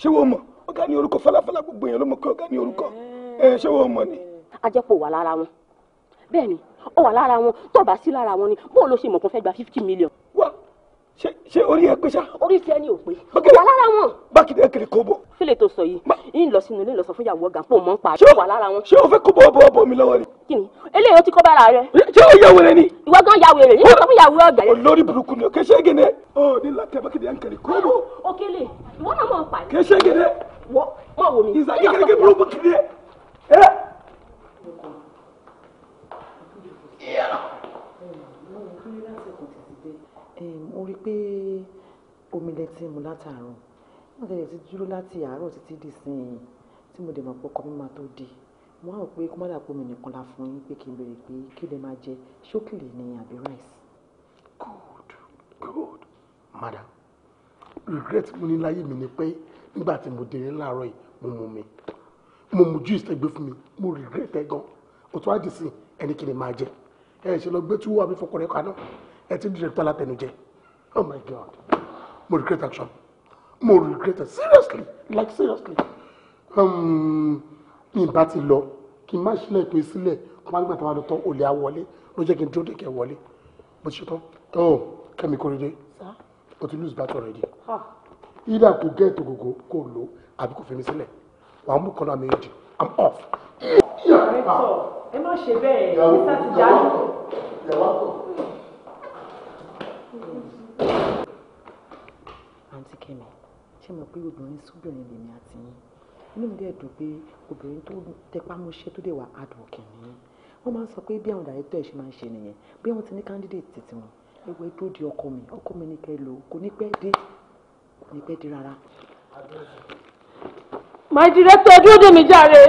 ṣé wọ́n mọ̀ ọ̀gá ní orúkọ falafala gbogbo èèyàn ló mọ̀ pé ọ̀gá ní orúkọ ẹ eh. eh, ṣé wọ́n mọ̀ ni. ajẹ́pọ̀ wà lára wọn bẹ́ẹ̀ ni ó wà lára wọn tó bá sí lára wọn ni bó ló ṣe mọ̀ kó fẹ́ gba fifty million. wá ṣe ṣe orí ẹ pé ṣá. orí tiẹ̀ ni ò pé ó wà lára wọn. bákìdé kiri kò bọ̀. fílẹ̀ tó sọ yìí yín lọ sínú ilé ìlọsọ fún ìyàwó ọ̀gá pò mọ́ ń pa ó wà lára wọn. ṣé o fẹ́ kó bọ̀ ọbọ̀ ọbọ̀ mi lọ́wọ́ ni. kí ni eléyìí ó ti kọ́ bára rẹ. ṣé o yàwó rẹ ni. ìwọ gan yàwó rẹ yìí sọ fún ìyàwó ọ̀gá rẹ. olórí burúkú mo rí i pé omi lẹ ti mu látàárọ̀ wọ́n tẹ̀lé ti dúró láti àárọ̀ títí di sìn tí mo dẹ̀ mọ̀ pé ọkọ mi máa tó dé mo á pé kó má dà pé omi nìkan la fún yín pé kí n béèrè pé kí lè máa jẹ ṣókèlè ni àbí rice. good good madam regret mo ní láyé mi ni pé nígbà tí mo délé láàárọ̀ yìí mo mu mi mo mu juice tẹ gbé fún mi mo regret ẹ gan o tún á dì sí ẹni kí lè máa jẹ ẹ lọ gbé túwọ àbí fọkùnrin kaná ẹ director látẹnujẹ oh my god mo regret action mo regret it seriously like seriously um, mi bá ti lọ kí n má sílẹ̀ pé sílẹ̀ kọ́ máa nígbà tó wà lọ tán olè àwọlé ló jẹ́ kí n dúró dèkẹ́ wọlé bó ti ṣe tán oh kẹ́mi kórede o ti lose battle already either kò gẹ́ ètò gògó kò lò àbí kò fi mi sílẹ̀ wàá mú kan náà méjì i'm off. Yeah, yeah ẹ má ṣe bẹ́ẹ̀ mr tijani. àǹtí kẹ́mi ṣé mo pé obìnrin sóbìnrin lèmi àti yín inú mi dẹ̀ dùn pé obìnrin tó tẹpá mọ́ṣẹ́ tó dẹ̀ wà advocate nìyẹn wọ́n máa ń sọ pé bí àwọn dàrẹ́tọ̀ ẹ̀ ṣe máa ń ṣe nìyẹn bí wọ́n ti ní candidate títí wọn ẹgbẹ́ tó di ọkọ mi ọkọ mi ní kẹ́ lò kò ní pẹ́ dé kò ní pẹ́ dé rárá. my director dúró dè mí jàre.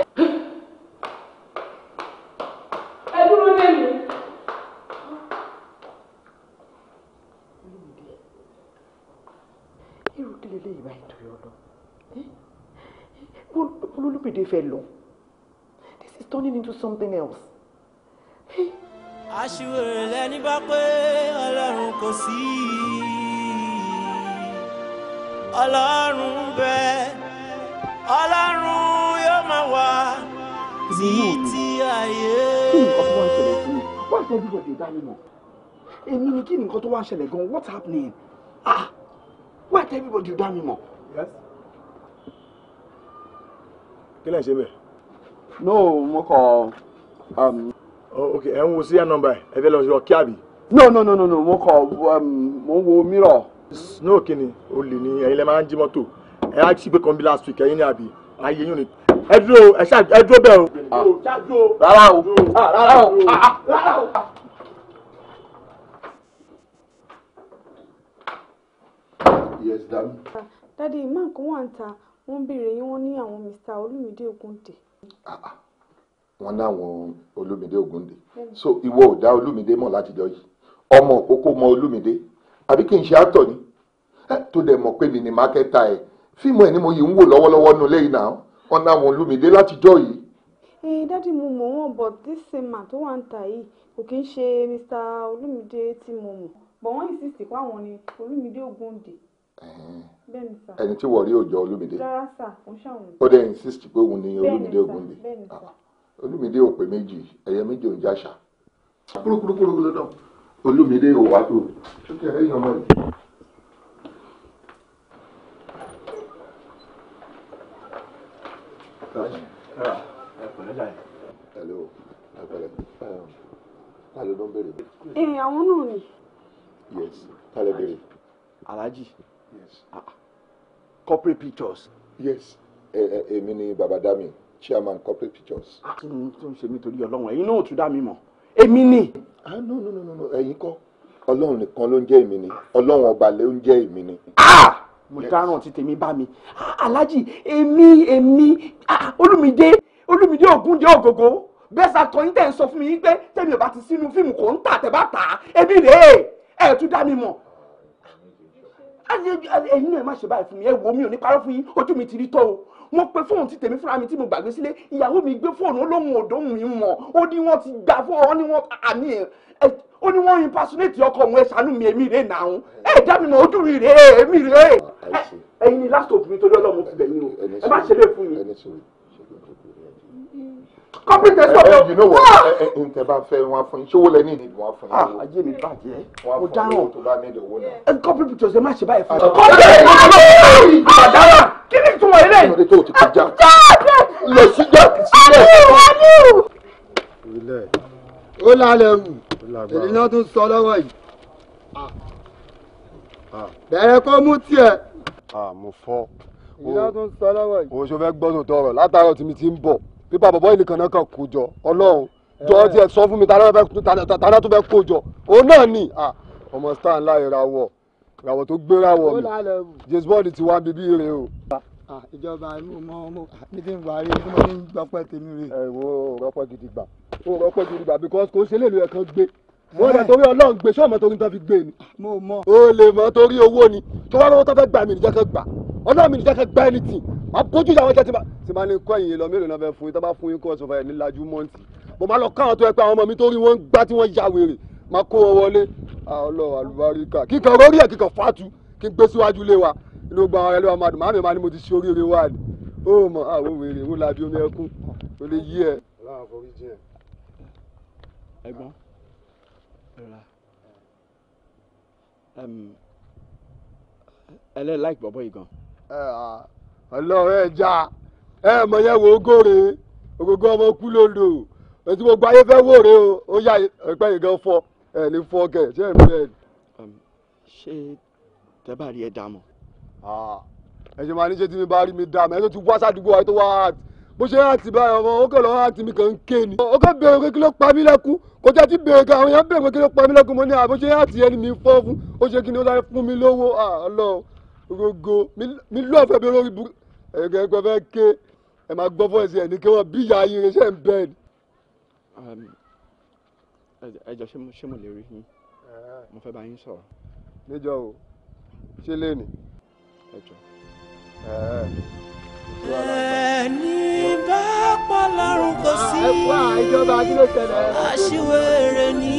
eléyìí fẹ́ lọ this is turning into something else. aṣiwèrè lẹni bá pé ọlọ́run kò sí ọlọ́run bẹ́ẹ̀ ọlọ́run yóò máa wà títí ayé. kí nǹkan tó wá ń ṣẹlẹ̀ sí mi wọ́n everybody dá mi mọ̀ èmi ni kí nǹkan tó wá ń ṣẹlẹ̀ gan-an what's happening ah wọ́n àti everybody dá mi mọ̀. Yes kí lẹ ń ṣe bẹ́ẹ̀. no mo kọ. Um, oh, ok ẹ ń wo sí yà nọmba ẹ ẹ fẹ́ lọ sí ọkí àbí. no no no no mo kọ um, mo ń wo mirror. no kini o lè ní ẹ̀yin lẹ máa ń jí mọ́tò ẹ á sì pé kan bí last week ẹ̀yin ní àbí ayé yín ni ẹ dúró ẹ ṣáà ẹ dúró bẹ́ẹ̀ o. rárá o rárá o yes dami. dadi imam kò ta wọ́n ń béèrè yín wọ́n ní àwọn Mr. Olúmídé Ògúndé. wọ́n láwọn Olumide Ogunde, ah, ah. so ìwọ ò dá Olúmídé mọ̀ látijọ́ yìí ọmọ òkókó mọ Olúmídé àbí kí n ṣe àtọ̀ ni tó dẹ̀ mọ̀ pé mi ni mákẹ́tà fíìmù ẹ̀ ni mo yìí ń wò lọ́wọ́lọ́wọ́ nu lẹ́yìn náà wọ́n láwọn Olúmídé látijọ́ yìí. ẹ dádì mo mọ̀ wọ́n but this same man tó wà ń ta yìí kò kí ń ṣe Mr. Olúmídé tí mo mọ̀ but wọ́n insist pé àwọn ni Olúmídé Ògúndé ẹni tí wọ́ọ̀rí òjò olúmídé ó dẹ̀ insist pé òun ni olúmídé ògúnlé ah, olúmídé ò pé méjì ẹ̀yẹ méjì ò ń jáṣà kúrúkúrúkúrú ló dàn olúmídé ò wá tó ṣókè ẹ̀yìn ọmọ yìí. Hello, àpẹẹrẹ, um, ta ló ló ń béèrè? Ẹ eh, àwọn náà ni. Yes, ta ló béèrè? yes. Ah, ah, corporate pictures. yes eh, eh, èmi ni baba dami chairman corporate pictures. Ah, kí ni tó ń ṣe mí torí ọlọ́run ẹ̀yin náà ò tún dá mi mọ̀ èmi ni. ah no no no no ẹ̀yin kọ́ ọlọ́run nìkan ló ń jẹ́ èmi ni ọlọ́run ọba ló ń jẹ́ èmi ni. ah mo dáràn tí tèmi bá mi ah, alhaji èmi èmi olùmídé olùmídé ògúndé ògògó best actor yín tẹ̀ ń sọ fún mi pé tèmi ò bá ti sínú fíìmù kò ń tà tẹ́ bá tà á èmi rèé ẹ̀ tún dá mi mọ̀ ẹ̀yin náà má ṣe báyìí fún mi ẹ wo mi ò ní parọ́ fún yín ojú mi ti rí tọ́ o mo pe fóònù ti tèmi fúnra mi tí mo gbàgbé sílé ìyàwó mi gbé fóònù olóhùn òdòhùn yìí mọ̀ ó ní wọ́n ti gbà fóònù ó ní wọ́n àmì ẹ̀ ó ní wọ́n impersonate ọkọ òun ẹ̀ ṣàánú mi èmi rèé nàá ẹ̀ dá mi mọ̀ ojú mi rèé èmi rèé ẹ̀yin ni last hope mi torí Ọlọ́run ti bẹ̀ mí o ẹ má ṣe lè fún mi complete the story. you know what ntẹ ah! eh, eh, bá fẹ́ wọn fún yín ṣé owó lẹ ní ìdìbò wọn fún yín. ah ajé mi bàjẹ́ mo dáhùn wọn tó bá ní ìdòwò náà. Eh, complete pictures ẹ má ṣe báyìí fún mi. complete pictures àdára ah, kí ni ìtumọ̀ ilé. ìmọ̀lẹ́ tó o ti kọjá ah, lọ sí jọ sílẹ̀. ilé ó lálẹ́ wù èyí náà tún sọ lọ́wọ́ yìí bẹ̀rẹ̀ kó mú tiẹ̀. mo fọ́ ìyá tó ń sọ lọ́wọ́ yìí. òun ṣe fẹ́ gbọ́dọ̀ tọrọ látàárọ̀ tí mi ti ń bọ̀ pípa bọ̀bọ̀ yìí nìkan náà kan kò jọ ọlọ́run jọ ọ tiẹ̀ sọ fún mi tàná tó fẹ́ kó jọ òun náà ni ọmọ star ńlá ìràwọ̀ ìràwọ̀ tó gbéra wọ̀ mi James Bond ti wá bíbí rè o. ìjọba ìlú mọ ọmọ mi ti ń wà rí tí mo ti ń gbọpẹ tèmi rè. ẹ wo rọpò gidi gbà o rọpò gidi gbà because kò ṣe lélu ẹ̀kan gbé mo rẹ̀ torí ọlọ́run gbé sọ́ọ̀mọ́ torí tó fi gbé ni. mo mọ. o lè mọ torí owó ni tó wá lọ́wọ́ tó fẹ́ gbà mí nìjẹ́ kan gbà ọ̀nà mi nìkan kẹ́ gbá ẹni tì máa bójú àwọn tẹ́tí máa ti máa ní kọ́ ìyẹn lọ mélòó náà fẹ́ fún yín tó bá fún yín kọ́ ọ̀sán fẹ́ẹ́ nílájú mọ́ǹtì mo máa lọ káwọn tó yẹ pé àwọn ọmọ mi tó rí wọn gbá tí wọ́n ya wèrè máa kó wọn wọlé ah, ọlọ àlùbáríkà kíkan rórí ẹ̀ kíkan fàtú kí n gbé síwájú lé wa inú gba àwọn ẹlẹ́wà máa dùn máa mi máa ní mo ti ṣe oríire wa ni ó mọ àwọn wèrè ń labi omi ẹkún ó lè yí ẹ. ẹ̀gbọ́n ẹlẹ́ láì bọ̀bọ̀ yìí gan-an ọlọ́run ẹ̀ já ẹ̀ mọ̀ yẹn wò ó gòrè ògógó ọmọ kú lòdò ẹtí gbogbo ayé fẹ́ wò rè o ó yá ẹ̀pẹ́ yìí gan fọ ẹ̀ ní fọ kẹ̀ ṣé ẹ̀ bẹ́ẹ̀. ṣé tẹ́ bá rí ẹ dá mọ̀. ẹ ṣe máa ní ṣé tí mi bá rí mi dá mọ̀ ẹ tó ti wá sádùúgbò wa tó wá bó ṣe rántí báyọ̀ ọmọ ó kàn lọ́wọ́ rántí mi kàn ń ké ni. ó kàn béèrè pé kí ló pa mí lẹ́kún kò jẹ́ ti béèrè kan àwọn èèyàn béèrè pé kí ló pa mí lẹ́kún mo ní àbó ṣe rántí ẹni mi fọ́ fún ó ṣe kí ni ó sáré fún mi lówó àlọ́ rogo mi lọ fẹ́ bí olórí burú ẹ̀rọ ẹgbẹ́ fẹ́ ké ẹ máa gbọ́ fọ́ọ̀sì ẹ̀ ní kí wọ́n bí ìyá ayé rẹ ṣe ń bẹ́ẹ̀ ni. Um, ẹ ṣé mo lè rí yín mo fẹ́ bá yín sọ̀rọ̀. níjọ o ṣé léèní. ẹ jọ. ẹni bá pọ̀ kò sí aṣíwèrè ní.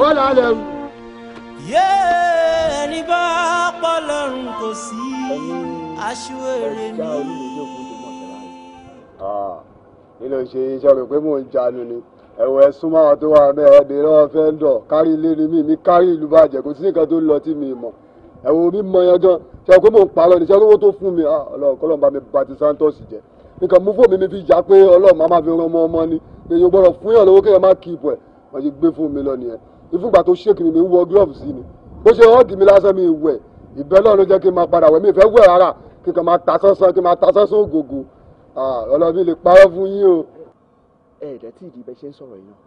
wọ́n lálẹ́ wù ní bá pọ́lọ́run kò sí aṣọ́rẹ́ mi. nílò ah, ṣe iṣẹ́ rẹ̀ pé mò ń janu ni ẹ̀wọ̀n ẹ̀sùn máa tó wà bẹ́ẹ̀ ẹ̀ bèrè ọ̀fẹ́ ń dọ̀ kárí ilé ni mí mi kárí ìlú bàjẹ́ kò sí nǹkan tó ń lọ tí mi mọ̀ ẹ̀wọ̀n mi mọ yẹn gan ṣe pé mò ń parọ́ ni ṣe owó tó fún mi ah, ọlọ́ọ̀kọ́lọ́ọ̀ bá mi ba ti Santos jẹ́ nǹkan mú fóònù mi fi jà pé ọlọ́ọ̀ máa fi ran ọmọ ọmọ ni èyí gbọ́dọ̀ fún yàn lówó kéèyàn má kí ipò ẹ̀ wọ́n ti gbé fóònù mi lọ nìyẹn ìfúgbà tó ṣèkì mi mi ń wọ glove sí ni bó ṣe hàn gìmí lásán mi wẹ̀ ìbẹ́ náà ló jẹ́ kí n máa padà wẹ̀ mi ìfẹ́ wẹ̀ rárá kí n kàn máa ta sánsán kí n máa ta sánsán ògògò ọlọ́bí lè parọ́ fún yín o. ẹ ẹ̀dẹ̀ tí ìdí ibẹ̀ ṣe ń sọ̀rọ̀ yìí náà.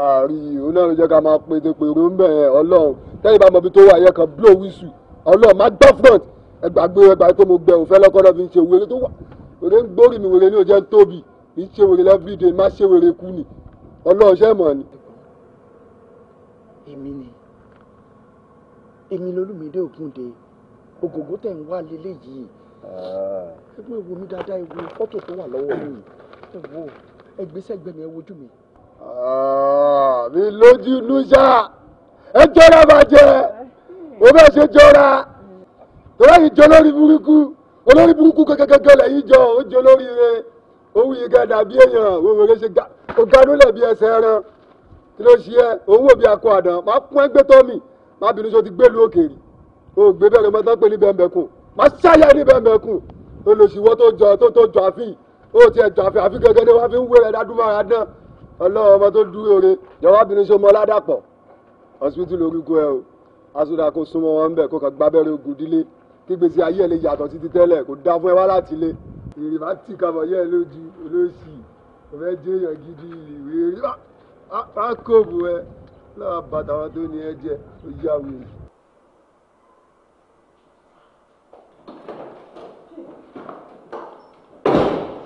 ààrí òun náà ló jẹ́ ká máa pété pèrò ń bẹ̀rẹ̀ ọlọ́run tẹ́yìn bá mọ ibi tó wà yẹ kan blow whistle ọlọ́run má gbọ́ front ẹgbàgbé ẹgbà tó mo gbẹ òfẹ́ lọ́kọ́ náà fi ń ṣe wèrè tó wà wèrè ń gbórí mi wèrè ní òjẹ́ ń tóbi mi ń èmi ni èmi lolúmídé ògúndé ògògó tẹ̀ ń wá lélẹ̀ yìí ah. ẹgbẹ́ ìwo mi dáadáa ìwo fọ́tò tó wà lọ́wọ́ mi ẹ wo ẹgbẹ́sẹ̀gbẹ́ mi ẹ wojú mi. Ah, mi lójú nusa ẹ jọra bàjẹ́ o bẹ́ẹ̀ ṣe jọra tọ́lá yìí jọ lórí burúkú olórí burúkú gẹ́gẹ́gẹ́ lẹ́yìn jọ ó jọ lórí rẹ owó yìí gẹ́gẹ́ dàbí èèyàn òwò rẹ ṣe ga ọ̀gá ló lẹ̀ bí ẹsẹ̀ rẹ kí ló ṣe ẹ òun wò bí akọ àdán máa pọ́n ẹgbẹ́ tó mi máa bínú sọ ti gbé lu òkèèrè o gbé bẹ́ẹ̀ lọ́mọ tán pé ní bẹ́ẹ̀nbẹ́kùn máa ṣáyà ní bẹ́ẹ̀nbẹ́kùn olùsìwọ́ tó jọ tó tó jọ àfin ó tiẹ̀ jọ àfin àfin gẹ́gẹ́ ni wọ́n fi ń wé ẹ̀dá dúmọ́ ara dán ọlọ́run ọmọ tó dúró re jọ̀wọ́ bínú sọ mọ́ ládàpọ̀ hospital orúkọ ẹ o asúdà kò súnmọ́ wọn ń bẹ̀ kó kàn gbábẹ́rẹ́ ogun dílé kí gbèsè ayé ẹ̀ lè yàtọ̀ sí ti tẹ́lẹ̀ kó dá fún ẹ wá láti ilé ìrìbá tì kàbọ̀ yẹ́ ẹ lójú olóòsì òfẹ́ jẹ́ èèyàn gidi ìwé rí á kóòbù ẹ lára bàtà wọn tó ní ẹ jẹ ó yá wèrè.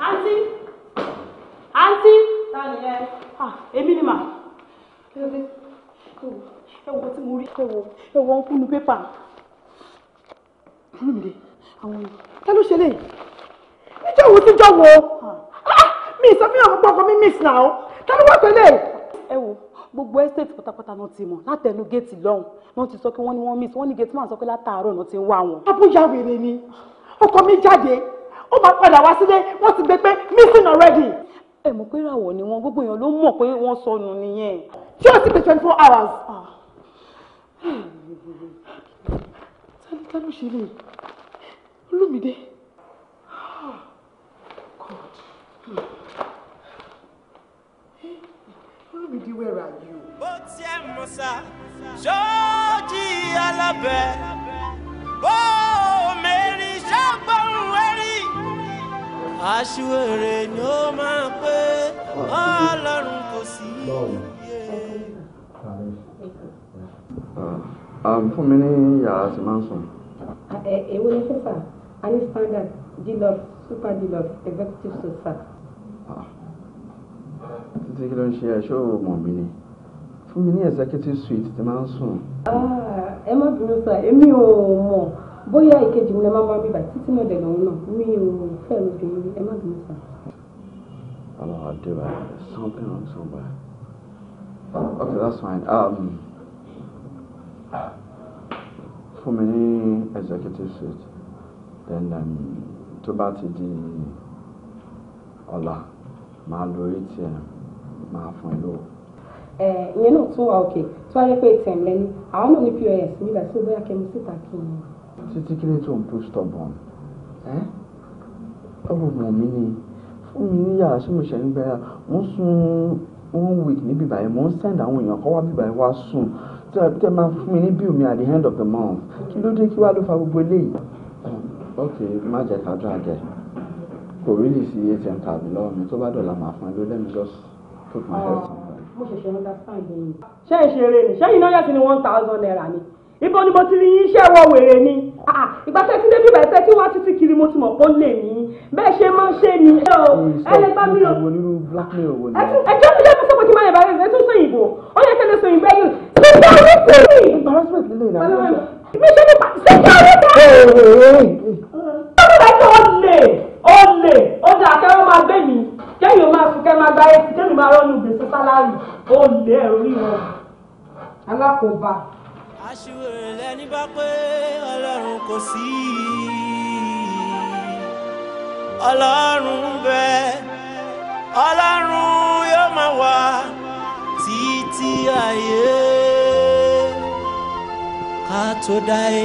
àǹtí àǹtí ta ni ẹ. èmi ni mà ẹwọ tí mo rí ẹwọ ẹwọ ń kúnnu pépà lóde àwọn yìí ta ló ṣe léyìí níjọ́ wo tíjọ́ wo mi ìsọfíhàn gbọ́kọ̀ mi miss now ta ló wà pẹ̀lẹ́ ẹ wo gbogbo estate pátápátá náà ti mọ̀ látẹnu géètì lọ́hùn náà ti sọ pé wọ́n ní wọ́n miss wọ́n ní géètì máa sọ pé látàárọ̀ náà ti ń wá wọn. abúyá wèrè ni ọkọ mi jáde ó máa padà wá sílé wọ́n ti gbé pé missing already. ẹ mọ̀ pé ìràwọ̀ ni wọn gbogbo èèyàn ló mọ̀ pé wọ́n sọnù nìyẹn. tí ó ti pé twenty four hours. sani ah. kánú ṣe lè olúmídé. God. Olúmídé, where are you? bó tiẹ̀ mọ̀ sá ṣọ́ọ́jì alábẹ́ bó mẹ́rin ṣàgbọ́n wẹ́rì aṣíwèrè ni ó máa pé ọlọ́run kò sí iye. Ah, um, fún mi ní yàrá tí máa ń sùn. Ah, eh, èwo ni fífà a standard d-love super d-love executive sosa títí kí ṣe ẹ̀ṣọ́ mọ̀ mi ni fún mi ní executive suite tí máa ń sùn. Ah, ẹ má bínú sá èmi ò mọ̀ bóyá ìkejì mi lè máa ń bá bíbà títí náà dẹ̀ lọ́wọ́ náà mi ò fẹ́ mi bínú ẹ má bínú sá. ọlọ́wọ́ débà something wrong somewhere okay that's fine um, fún mi ní executive suite then um, tó bá ti di ọ̀la màá lo atm máa fún ẹ lówó. ẹ ìyẹn náà tún wà òkè tí wàá yẹ pé tẹ̀m lẹ́ni àwọn náà ní pọ́s nígbà tí ó bóyá kẹ́mi síta kí n. títí kí ni tó ń tó stubborn ẹ ọ̀rọ̀ mọ̀ mí ni fún mi ní yàrá sí mo ṣe ń gbẹ́ra mo sùn one week ní bíbá yẹn mo ń send àwọn èèyàn kọ́ wá bíbá yẹn wá sùn tí wàá tẹ́ máa fún mi ní bill mi at the end of the month kí ló dé kí wàá ló fa gbogbo eléyìí. ok má jẹ ká dún àjẹ kò rí lè fi atm tàbí lọ́wọ́ mi tó bá dọ̀la màá fún ẹ ló lẹ́nu lọ́sùn put my head somewhere. mo ṣẹ̀ṣẹ̀ understand yìí. ṣé ìṣeré ni ṣé iná yẹ̀sìn ni one thousand naira ni ibo ni mo ti rí yín iṣẹ́ wọ wèrè ni ah, ìgbà tẹ́ ti débi bẹ̀rẹ̀ tẹ́ tí wàá títí kiri mo ti mọ̀ pé lè mí bẹ́ẹ̀ ṣe máa ń ṣe ni. ẹ lè bá mi o ẹ jẹ́ mi lẹ́nu sọ́kò tí máa yẹ bá rẹ̀ ẹ tún sọ ìbò ó yẹ kẹ́lẹ́ sọ ìbò ẹ̀yìn ṣé ṣe orí sí mi. embarrassment lè nà ló sọ. ibi ṣe ni pa ṣé ṣe orí sí mi. ó lè ó lè ó dà kẹ́wọ́n máa gbé mi kẹ́yìn máa fi kẹ́yìn máa gba etí kẹ́yìn máa rọ́nu gbèsè sálárì ó lé ẹ̀rọ ìwọ̀n alákòóbá. aṣiwèrè lẹni bá pé ọlọ́run kò sí ọlọ́run bẹ́ẹ̀ ọlọ́run yóò máa wà títí ayé ká tó dáyé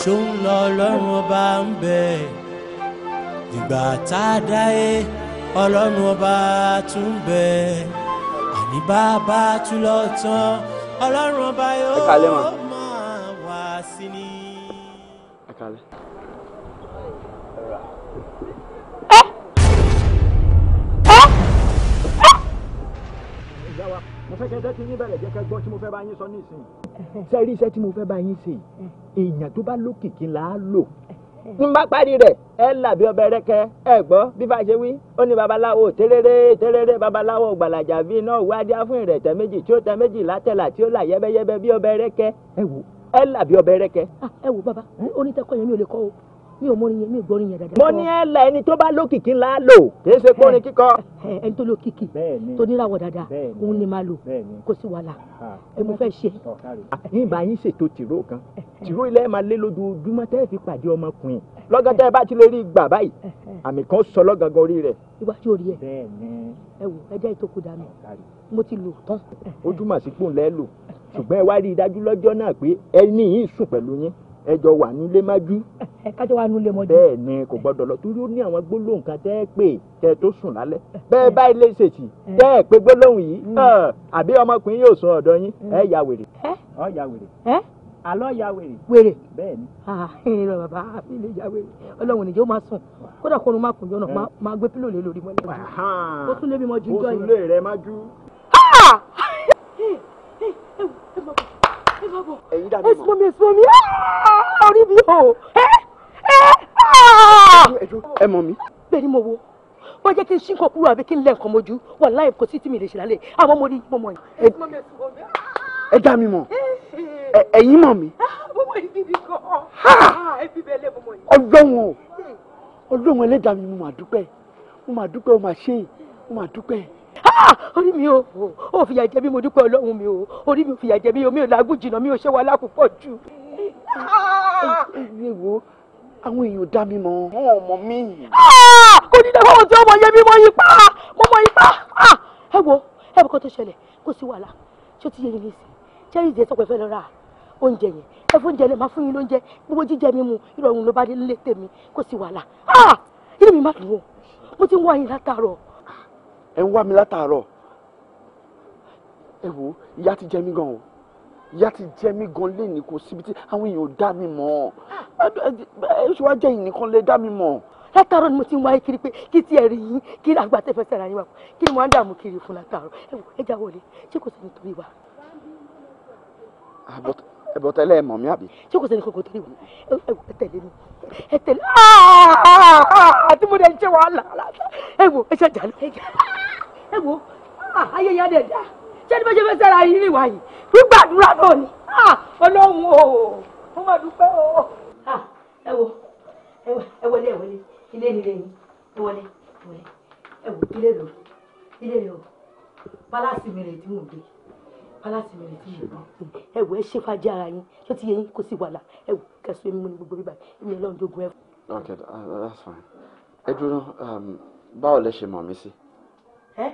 ṣóun lọ ọlọ́run ọba ń bẹ ìgbà tá a dáyé ọlọ́run ọba tún bẹ àní bàbá tún lọ tán ọlọ́run ọba yóò máa wá sí ni. mo fẹ́ kẹ́ iṣẹ́ tí yín bẹ̀rẹ̀ jẹ́ kẹ́ gbọ́ tí mo fẹ́ bá yín sọ nísìnyí. ṣe rí iṣẹ́ tí mo fẹ́ bá yín ṣe èèyàn tó bá lókìkí là á lò n bá parí rẹ̀ ẹ là bí ọbẹ̀ rẹ́kẹ́ ẹ gbọ́ bí fà ṣe wí ó ní babaláwo tẹ́rẹ́rẹ́ tẹ́rẹ́rẹ́ babaláwo gbàlàjà bíi iná òwú adé fún ìrẹ̀tẹ̀ méjì tí ó tẹ méjì látẹ̀là tí ó là yẹ́bẹ́yẹ́bẹ́ bí ọbẹ̀ rẹ́kẹ́ ẹ wò ẹ là bí ọbẹ̀ ah, ẹ wò bàbá hm? onítẹ̀kọ́ yẹn mi ò lè kọ́ o mi ò mọrin yẹn mi ò gbọ́rin yẹn dáadáa. mo ní ẹ la ẹni tó bá lókìkí ńlá lò kìí ṣe kórin kíkọ. ẹni tó lókìkí tó níràwọ̀ dáadáa òun ni máa lò kó sì wàhálà ẹ mo fẹ́ ṣe. àyìnbá ah, yín ṣètò tìró kan eh, eh. tìró ilẹ̀ máa lé lójoojúmọ́ tẹ́ ẹ fi pàdé ọmọkùnrin eh, lọ́gán tẹ́ ẹ bá ti lè rí gbà báyìí àmì kan sọ lọ́gàngàn orí rẹ̀. iwájú orí ẹ ẹ wò ẹ jẹ́ ìtòkù dànù mo ti lò tán. ó túmọ̀ sí lò ṣùgbọ́n ẹ wá rí i dájú lọ́jọ́ náà pé ẹni yìí sùn pẹ̀lú yín ẹ jọ wà nílé májú. ẹ kájọ wà nílé mọ́jú. bẹ́ẹ̀ ni kò gbọ́dọ̀ lọ torí ó ní àwọn gbólóhùn kan tẹ́ ẹ pè tẹ́ ẹ tó sùn lálẹ́ bẹ́ẹ̀ bá ilé ṣèṣì tẹ́ ẹ pé gbólóhùn yìí àbí ọmọkùnrin yóò sùn ọ̀dọ̀ yín ẹ ya wèrè. ọ ya wèrè. àlọ́ ya wèrè. wèrè bẹ́ẹ̀ ni. ìrọ̀ bàbá mi lè ya wèrè ọlọ́run nìjẹ́ ó máa sùn kódà kó má kùn jọ́nà máa gbé pílò lé lórí mọ́lẹ́ ó tún lé mi mọ́jú ẹ̀yin dàbí mọ ẹsùn omi ẹsùn omi orí mi o ẹ ah. mọ mi. bẹ́ẹ̀ ni mo wo wọ́n jẹ́ kí n ṣí nǹkan kúrò àbí kí n lẹ́ nǹkan mojú wà láì kò sí tí mi lè ṣe lálẹ́ àwọn ọmọ orí yìí mọ̀ yìí. ẹ dá mi mọ̀ ẹ̀yin mọ̀ mi. Ah, ah, ọlọ́run o hmm. ọlọ́run ẹlẹ́dàá mi mo mà dúpẹ́ mo mà dúpẹ́ mo mà ṣe mo mà dúpẹ́. Ah, orí mi ò ò fìyà jẹ mí mo dúpẹ́ ọlọ́run mi ò orí mi ò fìyà jẹ mí o mi ò lágùn jìnnà mi ò ṣe wàhálà púpọ̀ jù. ẹ wo àwọn èèyàn dá mi mọ̀. wọn ò mọ̀ mí. Ah, kò ní dẹ́gbẹ́ ohun tí ọmọ yẹn mi mọ ipá mo mọ ipá. Ah, ẹ wo ẹ bọ́ kó tó ṣẹlẹ̀ kó sí wàhálà ṣó ti yẹ yín nísìn jẹ́rìí ìdí ẹ̀sọ́ pẹ̀fẹ́ lọ ra oúnjẹ yẹn ẹ fún oúnjẹ lẹ máa fún yín lóúnjẹ gbogbo jíjẹ mímu ìrọ̀rùn ló bá dé tèmi kó sí wàhálà inú mi má dùn o mo ti ń wá yín látàárọ̀ ẹ ń wá mi látàárọ̀ ẹ wo ìyá ti jẹ mí gan o ìyá ti jẹ mí gan lénìí kò síbi tí àwọn èèyàn dá mi mọ̀ ẹ ṣe wá jẹ́ yìí nìkan lè dá mi mọ̀. látàárọ̀ ni mo ti ń wáyé kiri pé kí tí ẹ rí yín kí àgbà tẹ fẹsẹ̀ ra yín wá kí ni mo á ń dààmú kiri fún látàárọ̀ ẹ wo ẹ já wọlé ṣé kò sí nítorí wa. Ah, ẹbí ọtẹ lẹ mọ mi àbí. ṣé kò sẹ́ni kòkò tó léwu ẹ tẹ̀lé mi ẹ tẹ̀lé ah! àti mo dẹ̀ ṣe wàhálà ẹ wo ẹ ṣe àjà lọ ẹ wo ah, ayé yẹn dẹ̀ dá ṣé ni bá ṣe fẹ́ sára yín ní ìwà yìí gbígbàdúrà náà ni ah, ọlọ́run o mo máa dúpẹ́ o. ẹ wo ẹ wọlé ẹ wọlé ilé ni ilé ni ẹ wọlé ẹ wọlé ẹ wo ilé lò ilé lò pálásì mi rè tí mò ń aláti ẹ wò ẹ ṣe fàájì ara yín tó ti yẹ yín kó sì wàhálà ẹ wò kẹsùn èmi ní gbogbo bíbá èmi Ọlọ́run jogun ẹ. Uh, that's fine ẹ dúró um, báwo lẹ ṣe mọ̀ mí sí. ẹ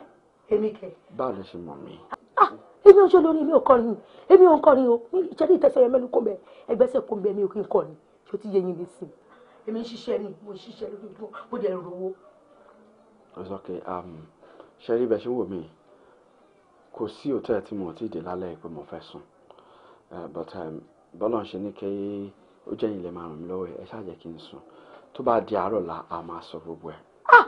èmi kẹ. báwo lẹ ṣe mọ̀ mí. Ah, èmi ò ṣe lórí èmi ò kọrin èmi ò ń kọrin o mi ìṣẹ́lẹ̀ ìtẹ̀sẹ̀ yẹn mẹ́nu kò bẹ̀ ẹgbẹ́sẹ̀ kò bẹ̀ mi ò kí ń kọrin tó ti yẹ yín lè sìn èmi ń ṣiṣẹ́ ni mo ń ṣiṣẹ́ lójoojúmọ́ mo dẹ̀ ń rówó. it's okay um, ṣe rí bẹ́ẹ̀ ṣe wò mí kò sí òtẹ́ tí mo ti dé lálẹ́ pé mo fẹ́ sùn eh, but um, bọ́lá ṣe ní kí ó jẹ́ ìlẹ̀ máa ràn mí lọ́wọ́ ẹ ṣáà jẹ́ kí n sùn tó bá di àárọ̀ la a máa sọ gbogbo ẹ̀. Ah!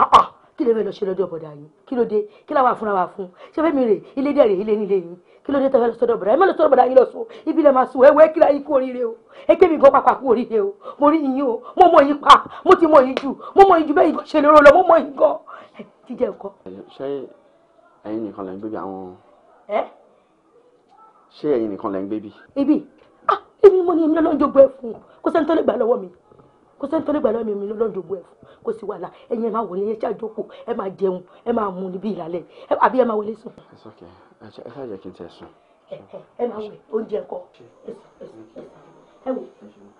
Ah, ah! kí ló fẹ́ ṣe lọ́dọ̀ bọ̀dà yín kí ló dé kí la wà wa fún ṣé fẹ́mi rè ilé dẹ̀ rè ilé nílé yín kí ló dé tẹ́fẹ́ lọ sọ́dọ̀ bọ̀dà yín má lọ yín lọ sùn ibi lẹ́ máa sùn ẹ̀wẹ́ kí la kú oríire o ẹgbẹ́ mi gan pàpà kú oríire o mo rí yín o mo mọ yín pa mo ti mọ yín jù mo mọ yín jù bẹ́ẹ̀ ṣe lérò lọ mo mọ yín gan jíjẹ nǹkan ẹ̀yin nìkan lẹ́ ń gbébí àwọn. ẹ. ṣé ẹ̀yin nìkan lẹ́ ń gbébí. ibi ah èmi mo ní èmi lọ́jọ́ gbọ́ ẹ̀ fún kó sẹ́ni tó lè gbà lọ́wọ́ mi kó sẹ́ni tó lè gbà lọ́wọ́ mi mi lọ́jọ́ gbọ́ ẹ̀ fún kó sì wàhálà ẹ̀yin ẹ̀ máa wọlé ẹ̀ ṣàjọkù ẹ̀ máa jẹun ẹ̀ máa mu níbi ìlàlẹ̀ àbí ẹ̀ máa wọlé sùn. it's okay ẹ ṣáàjẹ kí n tẹ sùn. ẹ ẹ máa wẹ oúnjẹ kọ ẹ wò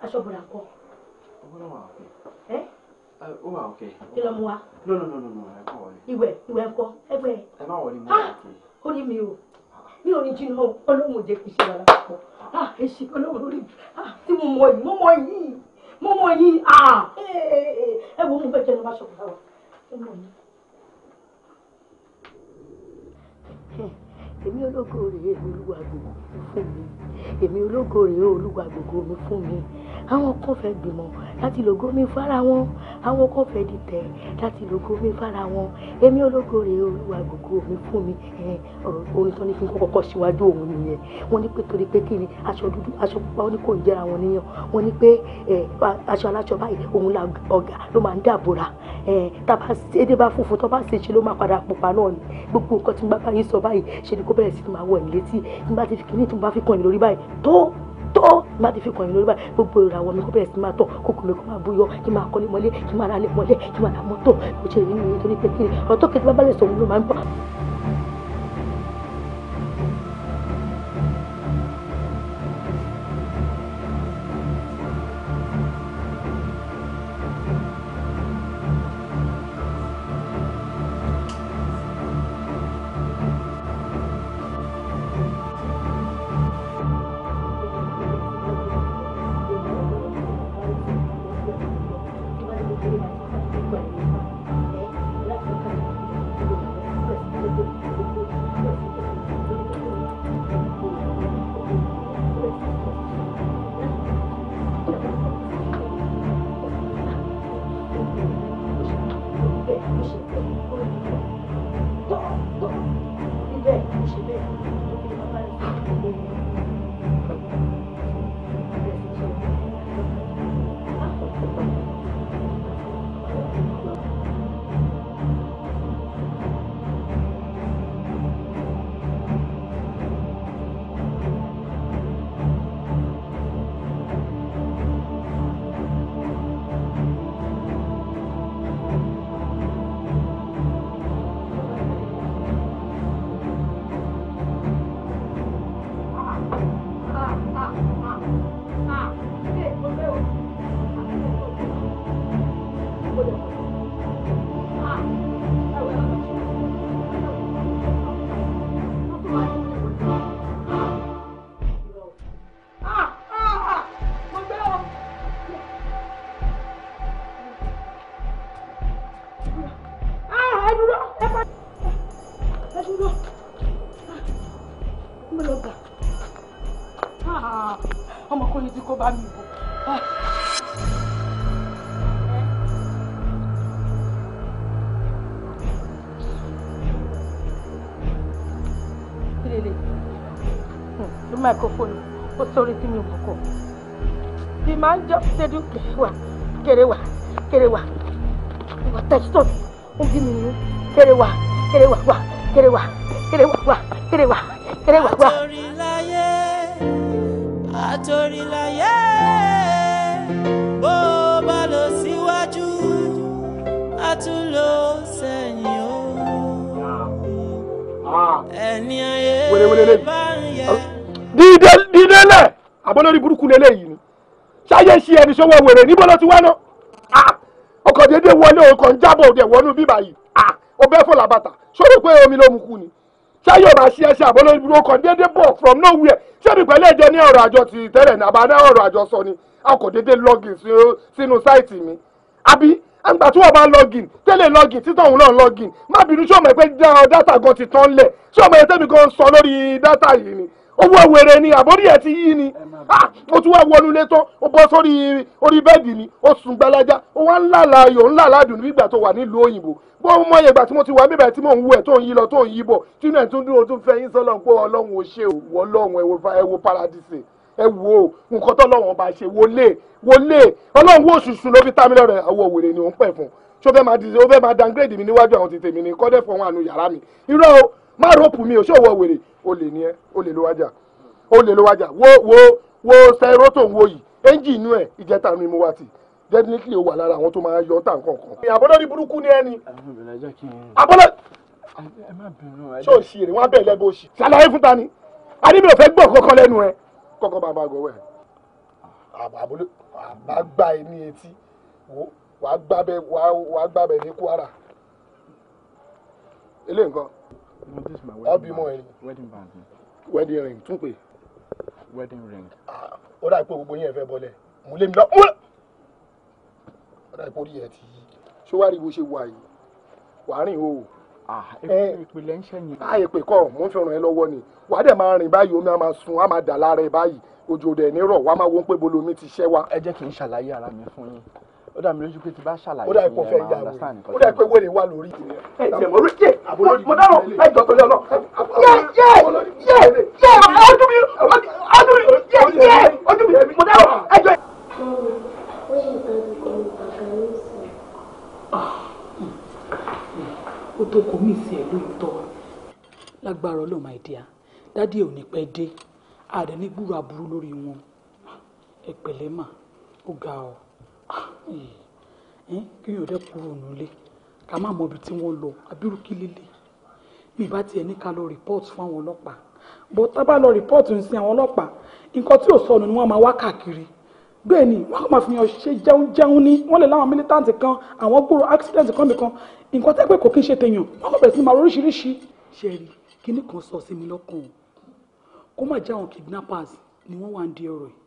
aṣọ ó wà ok. kí mu wa. no no no no ẹ kọ wọlé. ìwẹ̀ ìwẹ̀ kọ ẹgbẹ́. ẹ má wọlé mọ́ ah! ok. ó rí mi o mi ò ní jí náà ọlọ́run ò jẹ́ kí ṣe wà lápapọ̀ ah èsì ọlọ́run lórí ah! tí mo mọ yìí mo mọ yìí mo mọ yìí ah ẹ wo mo fẹ́ jẹ́ ní wàá ṣọ̀kọ̀ fáwọn mo mọ yìí èmi ológo rèé olúwa gbogbo mi fún mi èmi ológo rèé olúwa gbogbo mi fún mi àwọn kan fẹ́ gbìmọ̀ láti lògo mi fara wọn àwọn kan fẹ́ dìtẹ̀ láti lògo mi fara wọn èmi ológo rèé olúwa gbogbo mi fún mi orin tó ní kí n kọ́kọ́ síwájú òun nìyẹn wọ́n ní pé torí pé kí ni aṣọ dúdú aṣọ pupa ó ní kò ń jẹ́ra wọn níyàn wọ́n ní pé aṣọ aláṣọ báyìí òun la ọ̀gá ló máa ń dàbòrà tábà ṣe é dé bá funfun tó bá ṣe ṣe ló máa padà pupa bẹ̀rẹ̀ sí máa wọ ẹ̀mí létí tí n bá ti fi kíní tí n bá fi kàn lórí báyìí tó tó n bá ti fi kàn lórí báyìí gbogbo ìràwọ̀ mi kó bẹ̀rẹ̀ sí máa tọ̀ kókò mi kó máa búyọ kí máa kọ́lé mọ́lé kí máa ra mọ́lé kí máa ra mọ́tò kò ṣe ìrìn mi nítorí pé kíni ọ̀tọ́ kejì bá bá lè sọ̀rọ̀ ló máa ń bọ̀. microphone ó sórí tí mi bù kọ the man just said kerewa kerewa kerewa he was texted ó mi kerewa kerewa wa kerewa kerewa wa kerewa kerewa wa. àtòrìláyé àtòrìláyé bó o bá lọ síwájú a tún lọ sẹ́yìn o ah, ah. ẹni ayé bá àbọ̀lórí burúkú lélẹ̀ yìí ni ṣáyé ṣe ẹni sọ́wọ́ wèrè níbo ló ti wá ná ọkọ̀ déédéé wọlé ọkọ̀ ń jábọ̀ òde wọnú bíbá yìí ọbẹ̀ fọlá bàtà sọ̀rọ̀ pé omi ló mu kú ni ṣáyé ọba ṣe ẹṣẹ àbọ̀lórí burúkú ọkọ̀ déédéé bọ̀ from nowhere ṣébi pẹ̀lẹ́ ẹ̀jẹ̀ ní ọ̀rọ̀ àjọ ti tẹ́lẹ̀ ní àbáná ọ̀rọ̀ àjọ sọ ni ọkọ̀ déédéé login sínú sáìtì mi àbí àgbà tí wọ́n bá login tẹ́lẹ̀ login títàn òun náà login má bínú ṣọ́ọ̀mọ̀ pé dátà gan ti tán lẹ̀ ṣọ́ọ̀mọ̀ yẹn gan sọ lórí dátà yìí ni owó wèrè ni àbórí ẹ ti yí ni ó ah, tún wá wọnú ilé tán ó bọ́ sórí orí bẹ́ẹ̀dì mi ó sùn gbalaja ó wá ńlá láàyò ńlá ládùn nígbà tó wà nílùú òyìnbó bó mọ ìgbà tí mo ti wà níbẹ̀ tí mò ń wú ẹ̀ tó ń yí lọ tó ń yí bọ̀ tínú ẹ̀ tún dúró tún fẹ́ yín sọ́lọ́n pé ọlọ́run ò ṣe òwò ọlọ́run ẹ wo paradise ẹ wo nǹkan tọ́lọ́run bá ṣe wọlé wọlé ọlọ́run wo ṣùṣù ló fi tá mi ni ò ń pẹ̀ fún ṣó fẹ́ máa dìde ó fẹ́ máa downgrade mi níwájú àwọn tètè mi ní kọ́dẹ̀ fún wọn olè ni ẹ olè ló wájà olè ló wájà wo wo wo sẹ́rọ́ tó ń wo yìí ẹ́ńjìnì ẹ̀ ìjẹta ni mo wá tì definitely o wà lára àwọn tó máa yọ tà nǹkan kan. àbọ̀dọ̀ ni burúkú ni ẹni. àbọ̀dọ̀ ṣé o ṣì rè wọ́n á bẹ̀rẹ̀ lẹ́bọ̀ òṣì. ṣàlàyé fún ta ni adébẹ̀ ò fẹ́ gbọ́ kọ́kọ́ lẹ́nu ẹ kọ́kọ́ bàbá àgọ́wẹ́ ẹ̀. àbá gba ẹ ní etí wàá gbábẹ ní Kwara. ilé nǹkan No, this is my wedding. Album ring. Wedding band. Wedding ring. Tún pè. Wedding ring. Ah, ó dà pé gbogbo yín ẹ fẹ́ bọ́lẹ̀. Mo not. mi lọ. Ó dà pé orí ẹ ti yí. Ṣé wàá rí bó ṣe wà yìí? Wàá rìn o. Ah, eh, ìpìlẹ̀ ń ṣẹ̀yìn. Á ìpè kọ́, mò ń fi ràn ẹ́ lọ́wọ́ ni. Wàá dẹ̀ máa rìn báyìí, omi á máa sun, á máa dà lára ẹ báyìí. Òjò dẹ̀ ní rọ̀, wàá máa wo pé bolo mi ti ó dà mí lójú pé tí bá ṣàlàyé fún mi ẹ máa understand nǹkan tó ń bọ̀. ó dà pé wèrè wà lórí. ẹ jẹ mọ orí jẹ mo dárò ẹ jọ pẹ̀lú ọlọ. yẹ yẹ yẹ yẹ ọdún mi ọdún mi yẹ yẹ ọdún mi mo dárò ẹ jọ. ó tó kọ mí sí ẹ lóòótọ́ lágbára Ọlọ́run máa dí a dádì ò ní pẹ́ dé àdé ní gbúrò aburú lórí wọn ẹ pẹ̀lẹ́ mà ó ga ọ kéèyàn dẹ́ kúrò nílé ká má mọ ibi tí wọ́n lọ abirú kí líle bí bá tiẹ̀ ní ká lọ rìpọ́ọ̀tù fún àwọn ọlọ́pàá bó tá bá lọ rìpọ́ọ̀tù ń sin àwọn ọlọ́pàá nǹkan tí ò sọnù ni wọ́n máa wá káàkiri bẹ́ẹ̀ ni wọ́n máa fi hàn ṣe jẹunjẹun ní wọ́n lè láwọn mílítàǹtì kan àwọn gbòòrò accident kan nìkan nǹkan tẹ́ pé kò kí ń ṣe tèèyàn wọ́n kò bẹ̀rẹ̀ sí máa oríṣiríṣi ṣe rí kan sọ sí mi lọ́kàn o kó má jẹ́ àwọn kidnappers ni wọ́n wà ń di ọ̀rọ̀ yìí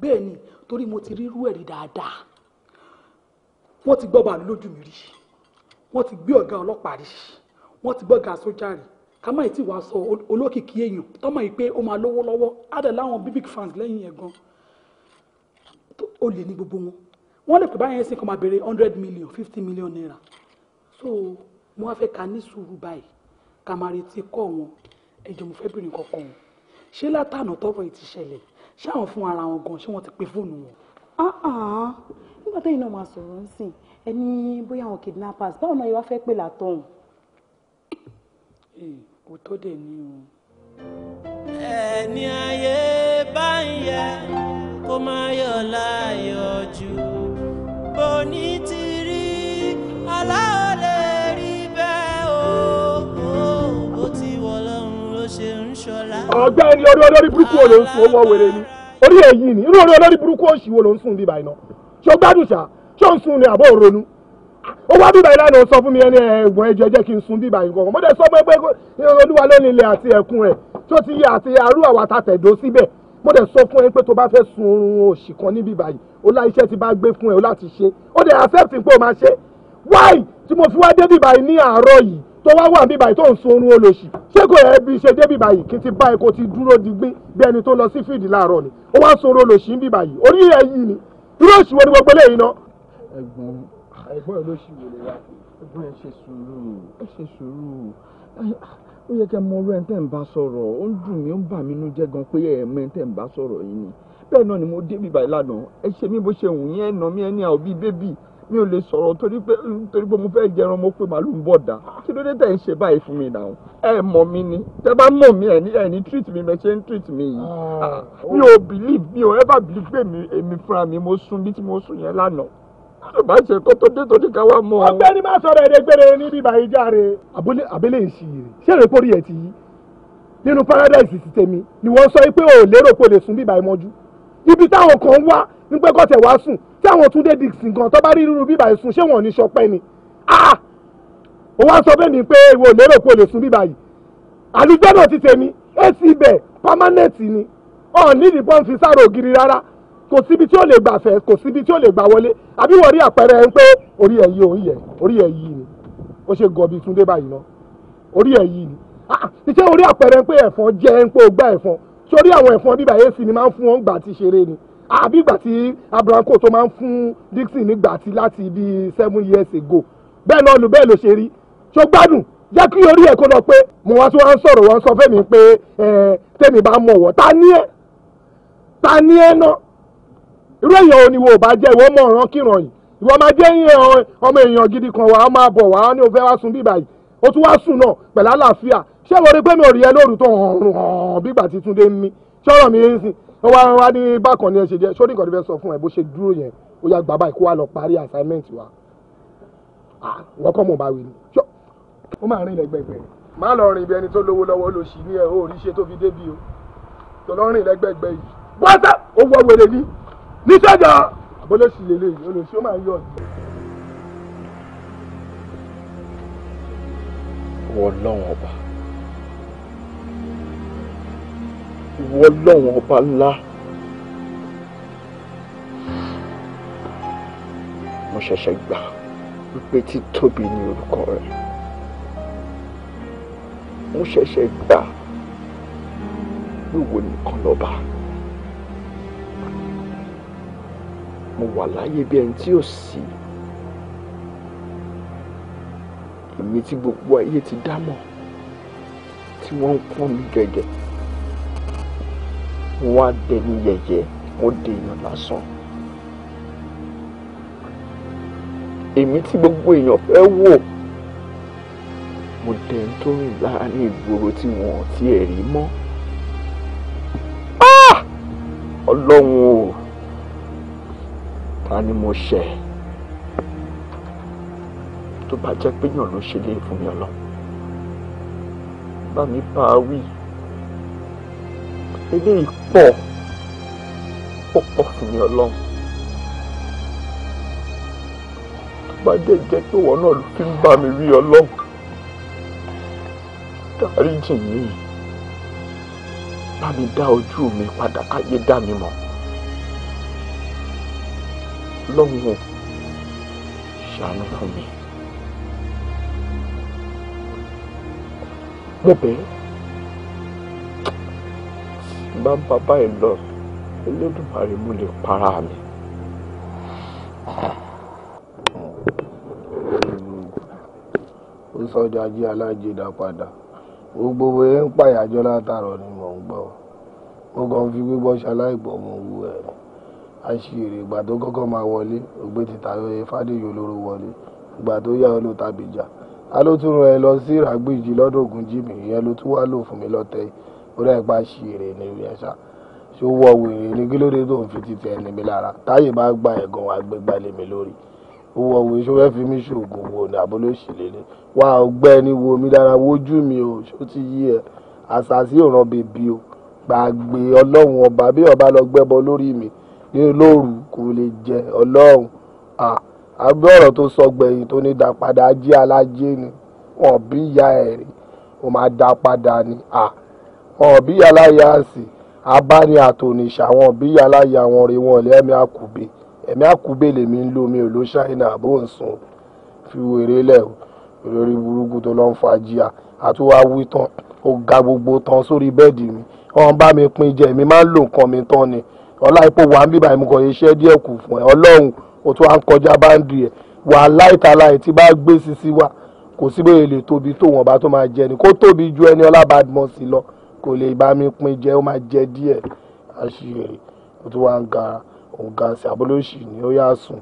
bẹ́ẹ̀ ni torí mo ti rí irú ẹ̀rí dáadáa wọ́n ti gbọ́ bàálù lójú mi rí wọ́n ti gbé ọ̀gá ọlọ́pàá rí wọ́n ti gbọ́gà sójà rí ká má tí wàá sọ olókìkí èèyàn tọ́mọ̀ yìí pé ó máa lówó lọ́wọ́ ádà láwọn big fans lẹ́yìn yẹn gan ó lè ní gbogbo wọn wọ́n lè pè báyẹn sí kó máa béèrè hundred million fifty million naira so mo wá fẹ́ ka ní sùúrù báyìí ká máa retí kọ́ wọn ẹ̀jọ̀ mo fẹ́ bìnrin kọ̀ọ̀kan wọn ṣé látànà tọ́rọ̀ yìí ti ṣẹlẹ̀ ṣé àwọn fún ara wọn gan ṣé wọ́n ti pe fóònù wọn. Ah, ah nígbà tẹ́yìn náà máa sọ̀rọ̀ ń sìn ẹ ní bóyá àwọn kidnappers báwo náà ìwà fẹ́ pè látọ̀hún. Eh, kò tó dé ní o. ẹni ayé bá ń yẹ kó máa yọ̀ láyọ̀ jù bó ní ti rí aláwọ̀ lè rí bẹ́ẹ̀ o bó ti wọ̀ lọ́run ló ṣe ń ṣọlá. ọ̀gbẹ́ni orí burúkú ò lè ń sùn ó wọ́ wèrè ni orí èyí ni irú orí olórí burúkú òṣìwò ló ń sùn bíbá iná ṣó gbádùn ṣá ṣó ń sun ni àbọ̀ òronú ó wá bíbá yìí lánàá sọ fún mi ẹni ẹ̀gbọ́n ẹjọ́ jẹ́ kí n sun bíbá yìí kankan mo dẹ̀ sọ pé pé olúwa ló nílé àti ẹ̀kún ẹ̀ tó ti yẹ àti arú àwa ta tẹ̀dó síbẹ̀ mo dẹ̀ sọ fún ẹ pé tó bá fẹ́ sun oorun òṣì kan ní bíbá yìí ó lá iṣẹ́ ti bá gbé fún ẹ ó láti ṣe ó dẹ̀ accept pé ó máa ṣe why tí mo fi wá dé bíbá yìí ní àárọ̀ yìí tó wá wà bíbá yìí tó ń sun oorun olòṣì ṣé kò yẹ bí ṣe dé bíbá yìí kí n ti bá ẹ irú òṣì wo ni gbogbo eléyìí náà. ẹ̀gbọ́n ẹ̀gbọ́n ẹ ló ṣì wọlé wa ẹ̀gbọ́n ẹ ṣe sùúrù ẹ ṣe sùúrù ó yẹ kẹ́ mọ ọ̀rọ̀ ẹ tẹ́ ń bá sọ̀rọ̀ ó ń dùn mí ó ń bà mí inú jẹ́ gan pé ẹ mọ ẹ tẹ́ ń bá sọ̀rọ̀ yìí ni bẹ́ẹ̀ náà ni mo débi báyìí lánàá ẹ ṣe mí bó ṣe wù yín ẹ nà mí ẹ ní àwọn bíi bébì mi ò lè sọ̀rọ̀ torí pé torí pé mo fẹ́ jẹran mo pé màálù ń bọ̀ dà kí ló dé tẹ̀ ń ṣe báyìí fún mi náà ẹ mọ̀ mi ni tẹ bá mọ̀ mi ẹ̀ ní ẹ̀ ní treat mi mẹ́ṣẹ́ ń treat mi yìí ah. Ah, mi ò believe mi ò ever believe pé mi èmi fúnra mi mo sùn bí tí mo sùn yẹn lánàá tó bá ṣe tó tó dé tó ní ká wá mọ. ọ̀gbẹ́ni má sọ̀rọ̀ èdè gbére níbi ìbàyí járe. abúlé abẹ́lé èsì rè ṣé èrè pórí ẹ̀ ti yí nínú paradise ti tèmi ni wọ́n sọ pé ò lérò pé o lè sùn bí ìbàyí mọ́jú ibi táwọn kan wá ní pé kọ́tẹ̀ wá sùn táwọn Túndé Dixon gan tó bá rí irú bíbá ìsùn ṣé wọn ò ní sọpẹ́ ni ah! ó wá sọ bẹ́ẹ̀ ni pé ìwọ lérò pé o lè sùn bíbá yìí àlùjọ náà ti tèmi èsì ibẹ̀ pámánẹ́ǹtì ni ọ̀ nídìí pọ́n fi sáré ògiri rárá kò síbi tí ó lè gbà fẹ́ kò síbi tí ó lè gbà wọlé àbí wọ́n rí àpẹẹrẹ ẹ̀ ń pé orí ẹ̀ yìí òun yẹ orí ẹ̀ yìí ni ó ṣe gọbi Túndé báyìí náà orí ẹ̀ yìí ni ah! ṣé orí àpẹẹrẹ ń pé ẹ̀fọn jẹ́ ń pé ó gbá ẹ̀fọn sórí àwọn ẹ̀fọn bíbá ac ni máa ń fún wọn gbà tí ṣeré ni àbí ìgbà tí abranco tó máa ń fún dixon nígbà tí láti bíi seven years ago bẹ́ẹ̀ náà lù bẹ́ẹ̀ ló ṣe rí ṣó gbádùn jẹ́ kí orí ẹ̀ kó lọ pé mo wá tún wá ń sọ̀rọ̀ wọ́n sọ fẹ́mi pé tẹ́mi bá mọ̀ wọ́ ta ni ẹ́ ta ni ẹ́ náà irú èèyàn òní wo bá jẹ́ ìwọ mọ̀ ọ̀ràn kìràn máa jẹ́ ọmọ èèyàn gidi kan wàá máa bọ̀ wàá ní o fẹ́ wá sun bíbà yìí ó tún wá sùn náà pẹ̀lú àlàáfíà ṣé mo rí pé mi ò rí ẹ lóru tó hàn hàn bígbà tí Túndé ń mí ṣọ́rọ̀ mi ń sìn ó wá wá ní bákan ní ẹ ṣe jẹ́ ṣó ní nǹkan tó fẹ́ sọ fún ẹ bó ṣe dúró yẹn ó yá gbà báyìí kó lọ parí assignment wa wọ́n kọ́ mọ̀ bá wí ni ó máa rìn lẹ́gbẹ̀gbẹ̀ má lọ rìn ibi ẹni tó lówó lọ́wọ́ ló ṣì ní ẹ ó rí ṣe tó fi débi o tó lọ rìn lẹ́gbẹ̀gbẹ̀ yìí bọ́sẹ̀ ó wọ wèrè ní níṣẹ́jọ́ àbólóṣì lélẹ́yìí olóṣì ó máa ń yọ̀ ọ́ ìwọ ọlọ́run ọba ìwọ ọlọ́run ọba ńlá mo ṣẹ̀ṣẹ̀ gbà wípé títóbi ni orúkọ rẹ mo ṣẹ̀ṣẹ̀ gbà wíwo nìkan lọ́ba mo wà láyé bí ẹni tí ò sí. èmi tí gbogbo ayé ti dá mọ̀ tí wọ́n ń pọ́n mi gẹ̀gẹ̀ mo wá dẹni yẹ̀yẹ́ mo dèèyàn lásán èmi tí gbogbo èèyàn fẹ́ wò mo dẹ̀ ń tó rìn láàárín ìgboro tí wọn ò tiẹ̀ mọ́ ah! ọlọ́run o ta ni mo ṣẹ̀ tó bá jẹ́ pé yàn ló ṣe lé fún mi ọlọ́ bá mi bá a wí eléyìí pọ̀ ó pọ̀ fún mi ọlọ́run tó bá dé jẹ́ pé wọ́n náà ló fi ń bá mi rí ọlọ́run dáríjì mi bá mi dá ojú mi padà káyé dá mi mọ̀ lọ́wọ́ ṣàánú fún mi. mo bẹ̀ ẹ́ bá ń bàbá ẹ lọ Elédùmarè mo lè para mi. ó sọjà jí alájẹdà padà gbogbo ẹ ń pàyàjọ látàrọ ni mò ń gbọ́ mo kàn fi gbígbọ́ ṣaláìgbọ́ mo wu ẹ àṣìírí ìgbà tó kọ́kọ́ máa wọlé ògbé ti tayọ ẹ fàdéyọ olóró wọlé ìgbà tó yá ọ ló a ló tún rán ẹ lọ sí ràgbìjì lọ́dọ̀ ògùn jìmì ìyẹn ló tún wá lò fún mi lọ́tẹ̀ yìí ó dẹ́ pa ṣì èrè ní ìyẹn ṣá ṣé ó wọ wèrè ní kí ló dé tó ń fi títẹ ẹni mi lára táyé bá gba ẹ̀gàn wà gbé mi lórí ó wọ wèrè ṣó fẹ́ẹ́ fi mí ṣoògùn wo ní àbólóṣì lélẹ̀ wà ọgbẹ́ni wo mi dára wojú mi o ṣó ti yí ẹ àṣàṣì òràn bèbí o gbàgbé ọlọ́run ọba bí ọba lọ gbẹ́bọ lórí mi ní olóòrù kò lè jẹ ọlọ́run ah àbí ọ̀rọ̀ tó sọ gbẹ̀yìn tó ní dá padà ajé alájé ni wọn bí ìyá ẹ̀ rí wọn máa dá padà ni à wọn bí ìyá láyà sí abáni àtòníṣà wọn bí ìyá láyà wọn rí wọn lé ẹ̀mí àkùbé ẹ̀mí àkùbé lèmi ń lò mí ò ló ṣáínà àbó ǹsùn fi wèrè lẹ̀ lórí burúkú tó lọ́ ń fa jíà àtúwá wí tán ó ga gbogbo tán sórí bẹ́ẹ̀dì mi wọn bá mi pin jẹ mi máa ń lò nǹkan mi tán ni ọlá ipò wà ń bíbá ìmúkọ iṣẹ́ díẹ̀ kù fún ẹ ọlọ́run o tún à ń kọjá báńdì ẹ̀ wàhálà ìtàláì tí bá gbé sisi wa kò sí bóyá lè tóbi tó wọn bá tó máa jẹ ni kó tóbi ju ẹni ọlá Badmus lọ kò lè bá mi pín jẹ ó máa jẹ díẹ̀ àṣìírí o tún wá ń ga òun sí abúlóṣì ni ó yà sùn.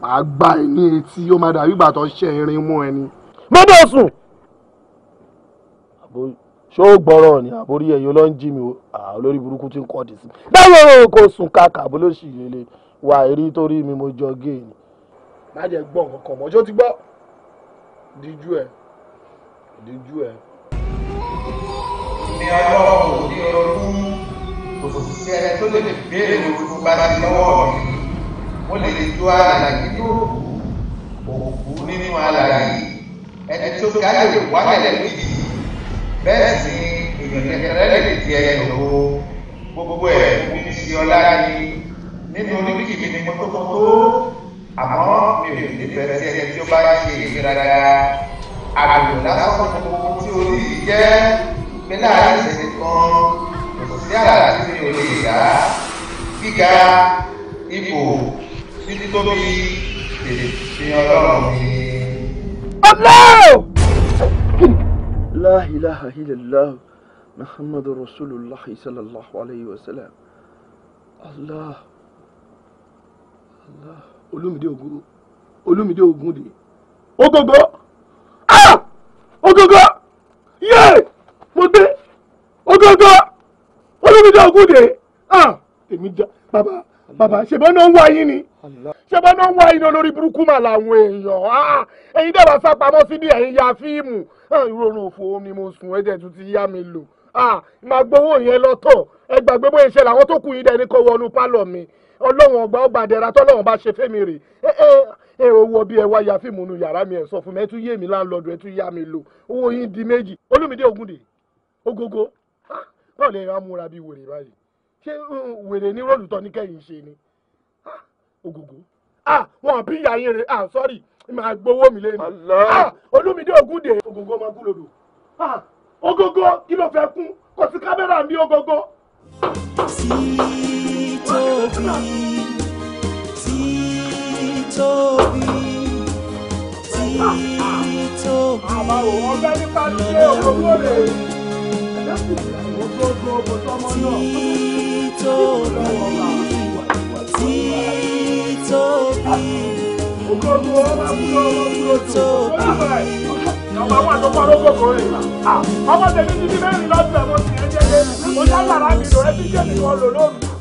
màá gba ẹni etí ó máa dàbí ìgbà tó ṣe irin mú ẹni. mọ́tò sùn. ṣé ó gbọ́rọ̀ ni àbórí ẹ̀yọ́ ló ń jí mi olórí burúkú ti ń kọ́ ọ̀dì sí mi. báwo kò sùn ká abúlóṣì yìí lè wà rí torí mi mo jọ géè ni. má jẹ́ gbọ́ nǹkan kan mọ́ ṣé o ti gbọ́ díjú ẹ̀ díjú ẹ̀. ní ọjọ́ òní ogún kò sì sí ẹni tó lè béèrè gbogbo bá ti lọ́wọ́ mi mo lè ju alàyè dúró òkú nínú alàyè ẹni tó gáyè wálẹ̀ lójijì bẹ́ẹ̀ sì ni èèyàn kẹkẹrẹ lè di ẹyẹ lọ́wọ́ gbogbo ẹ̀ fún mi sí ọlá ní nítorí kìí ni mo tó kọ́ tó àmọ́ mi ò nífẹ̀ẹ́ sí ẹni tí ó bá ṣe ìgbéraga àgbègbè lásán ní gbogbo tí o lè jẹ́ pé láàrin ìṣẹ̀lẹ̀ kan kò sí àlàyé tí mi ò lè yá gíga ipò títí tó bí tèlè fi ọlọ́run mi. ọlọ́run. La ilaha illallah Muhammadu Rasulullah sallallahu alayhi wa sallam. Allah olúmídé ogun olúmídé ogun de ogogo ah ogogo yé mo dé ogogo olúmídé ogun de ah èmi da bàbá bàbá ṣèbọn náà ń wá yín ni ṣèbọn náà ń wá yín ni olórí burúkú mà làwọn èèyàn ah ẹ̀yin dẹ́wà sá pamọ́ sí ní ẹ̀yin ya ah, ìrọ̀rùn òfò ni mo sùn ẹ̀jẹ̀ tún ti yá mi lò ah màá gbowó yẹn lọ́tọ̀ ẹ gbàgbé bóyá iṣẹ́ làwọn tó kù yín dẹ́ni kó wọnú pálọ̀ mi ọlọ́run ọgbà ọgbà àdẹ̀rà tọ́lọ́run bá ṣe fẹ́mi rè é ẹ owó bí ẹ wá ya fíìmù nu yàrá mi ẹ sọ fún mi ẹ tún yé mi láńlọ́ọ̀dù ẹ tún yá mi lò owó yín di méjì olúmídé ògúndè ogogo náà lè ra múra bíi wèrè báyìí ṣé uh, wèrè ní rọ́ọ̀lù tán ní kẹ́yìn ṣe ni ogogo ah wọn bí ìyá yín rè ah sorry màá gbowó mi lẹ́nu ah olúmídé ògúndè ogogo máa kú lòdù ah ogogo kí ló fẹ́ kún kò sí kámẹ́rà mi ogogo. Sí títóbi títóbi títóbi ọmọ tẹ̀lé ti di mẹ́rin lọ́sẹ̀ mo sì ń jẹ́ lé mo ní àgbàrá mi lò ẹ́ bí jẹ́ nìkan lò lónìí.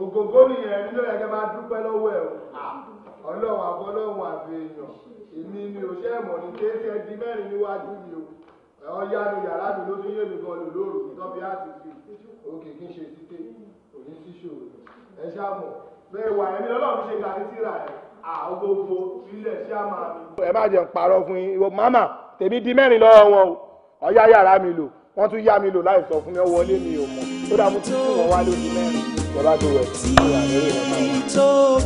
ògógó nìyẹn ẹni ló yẹ kẹ́ máa dúpẹ́ lọ́wọ́ ẹ̀ o ọlọ́run àbọ̀ ọlọ́run àbẹ̀ èèyàn èmi ni ò ṣe ní kéèké di mẹ́rin níwájú mi o ọ̀yá mi yàrá mi ló tún yé mi gan lòlóòrò ìtọ́bi àti fi òkè kí n ṣe títè òní síṣòro ẹ ṣá mọ̀ wà ẹni ọlọ́run ṣe gàrí síra ẹ̀ àgbogbo ilẹ̀ ṣá máa mi. ẹ má jẹ́ ń fún yín màmá tèmi di mẹ́rin lọ́wọ́ wọn o ọ̀yá yàrá mi lò wọ́n tún yá mi lò láì sọ fún mi ọ mi ò mọ̀ tó dàá mo tún fún wọn wá lóde mẹ́rin bàbá tó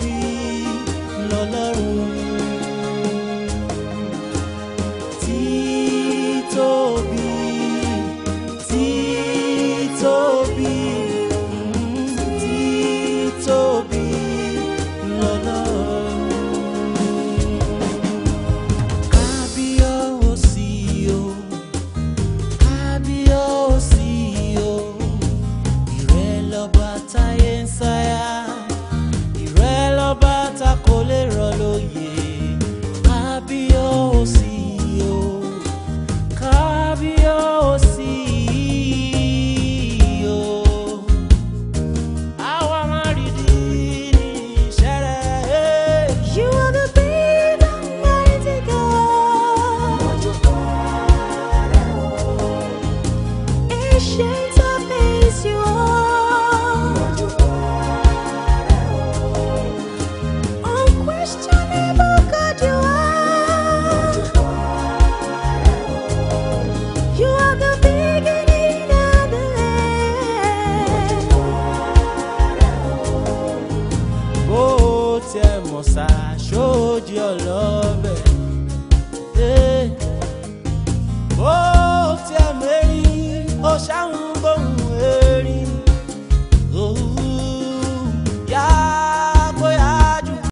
wẹ̀ lọ́lọ́run.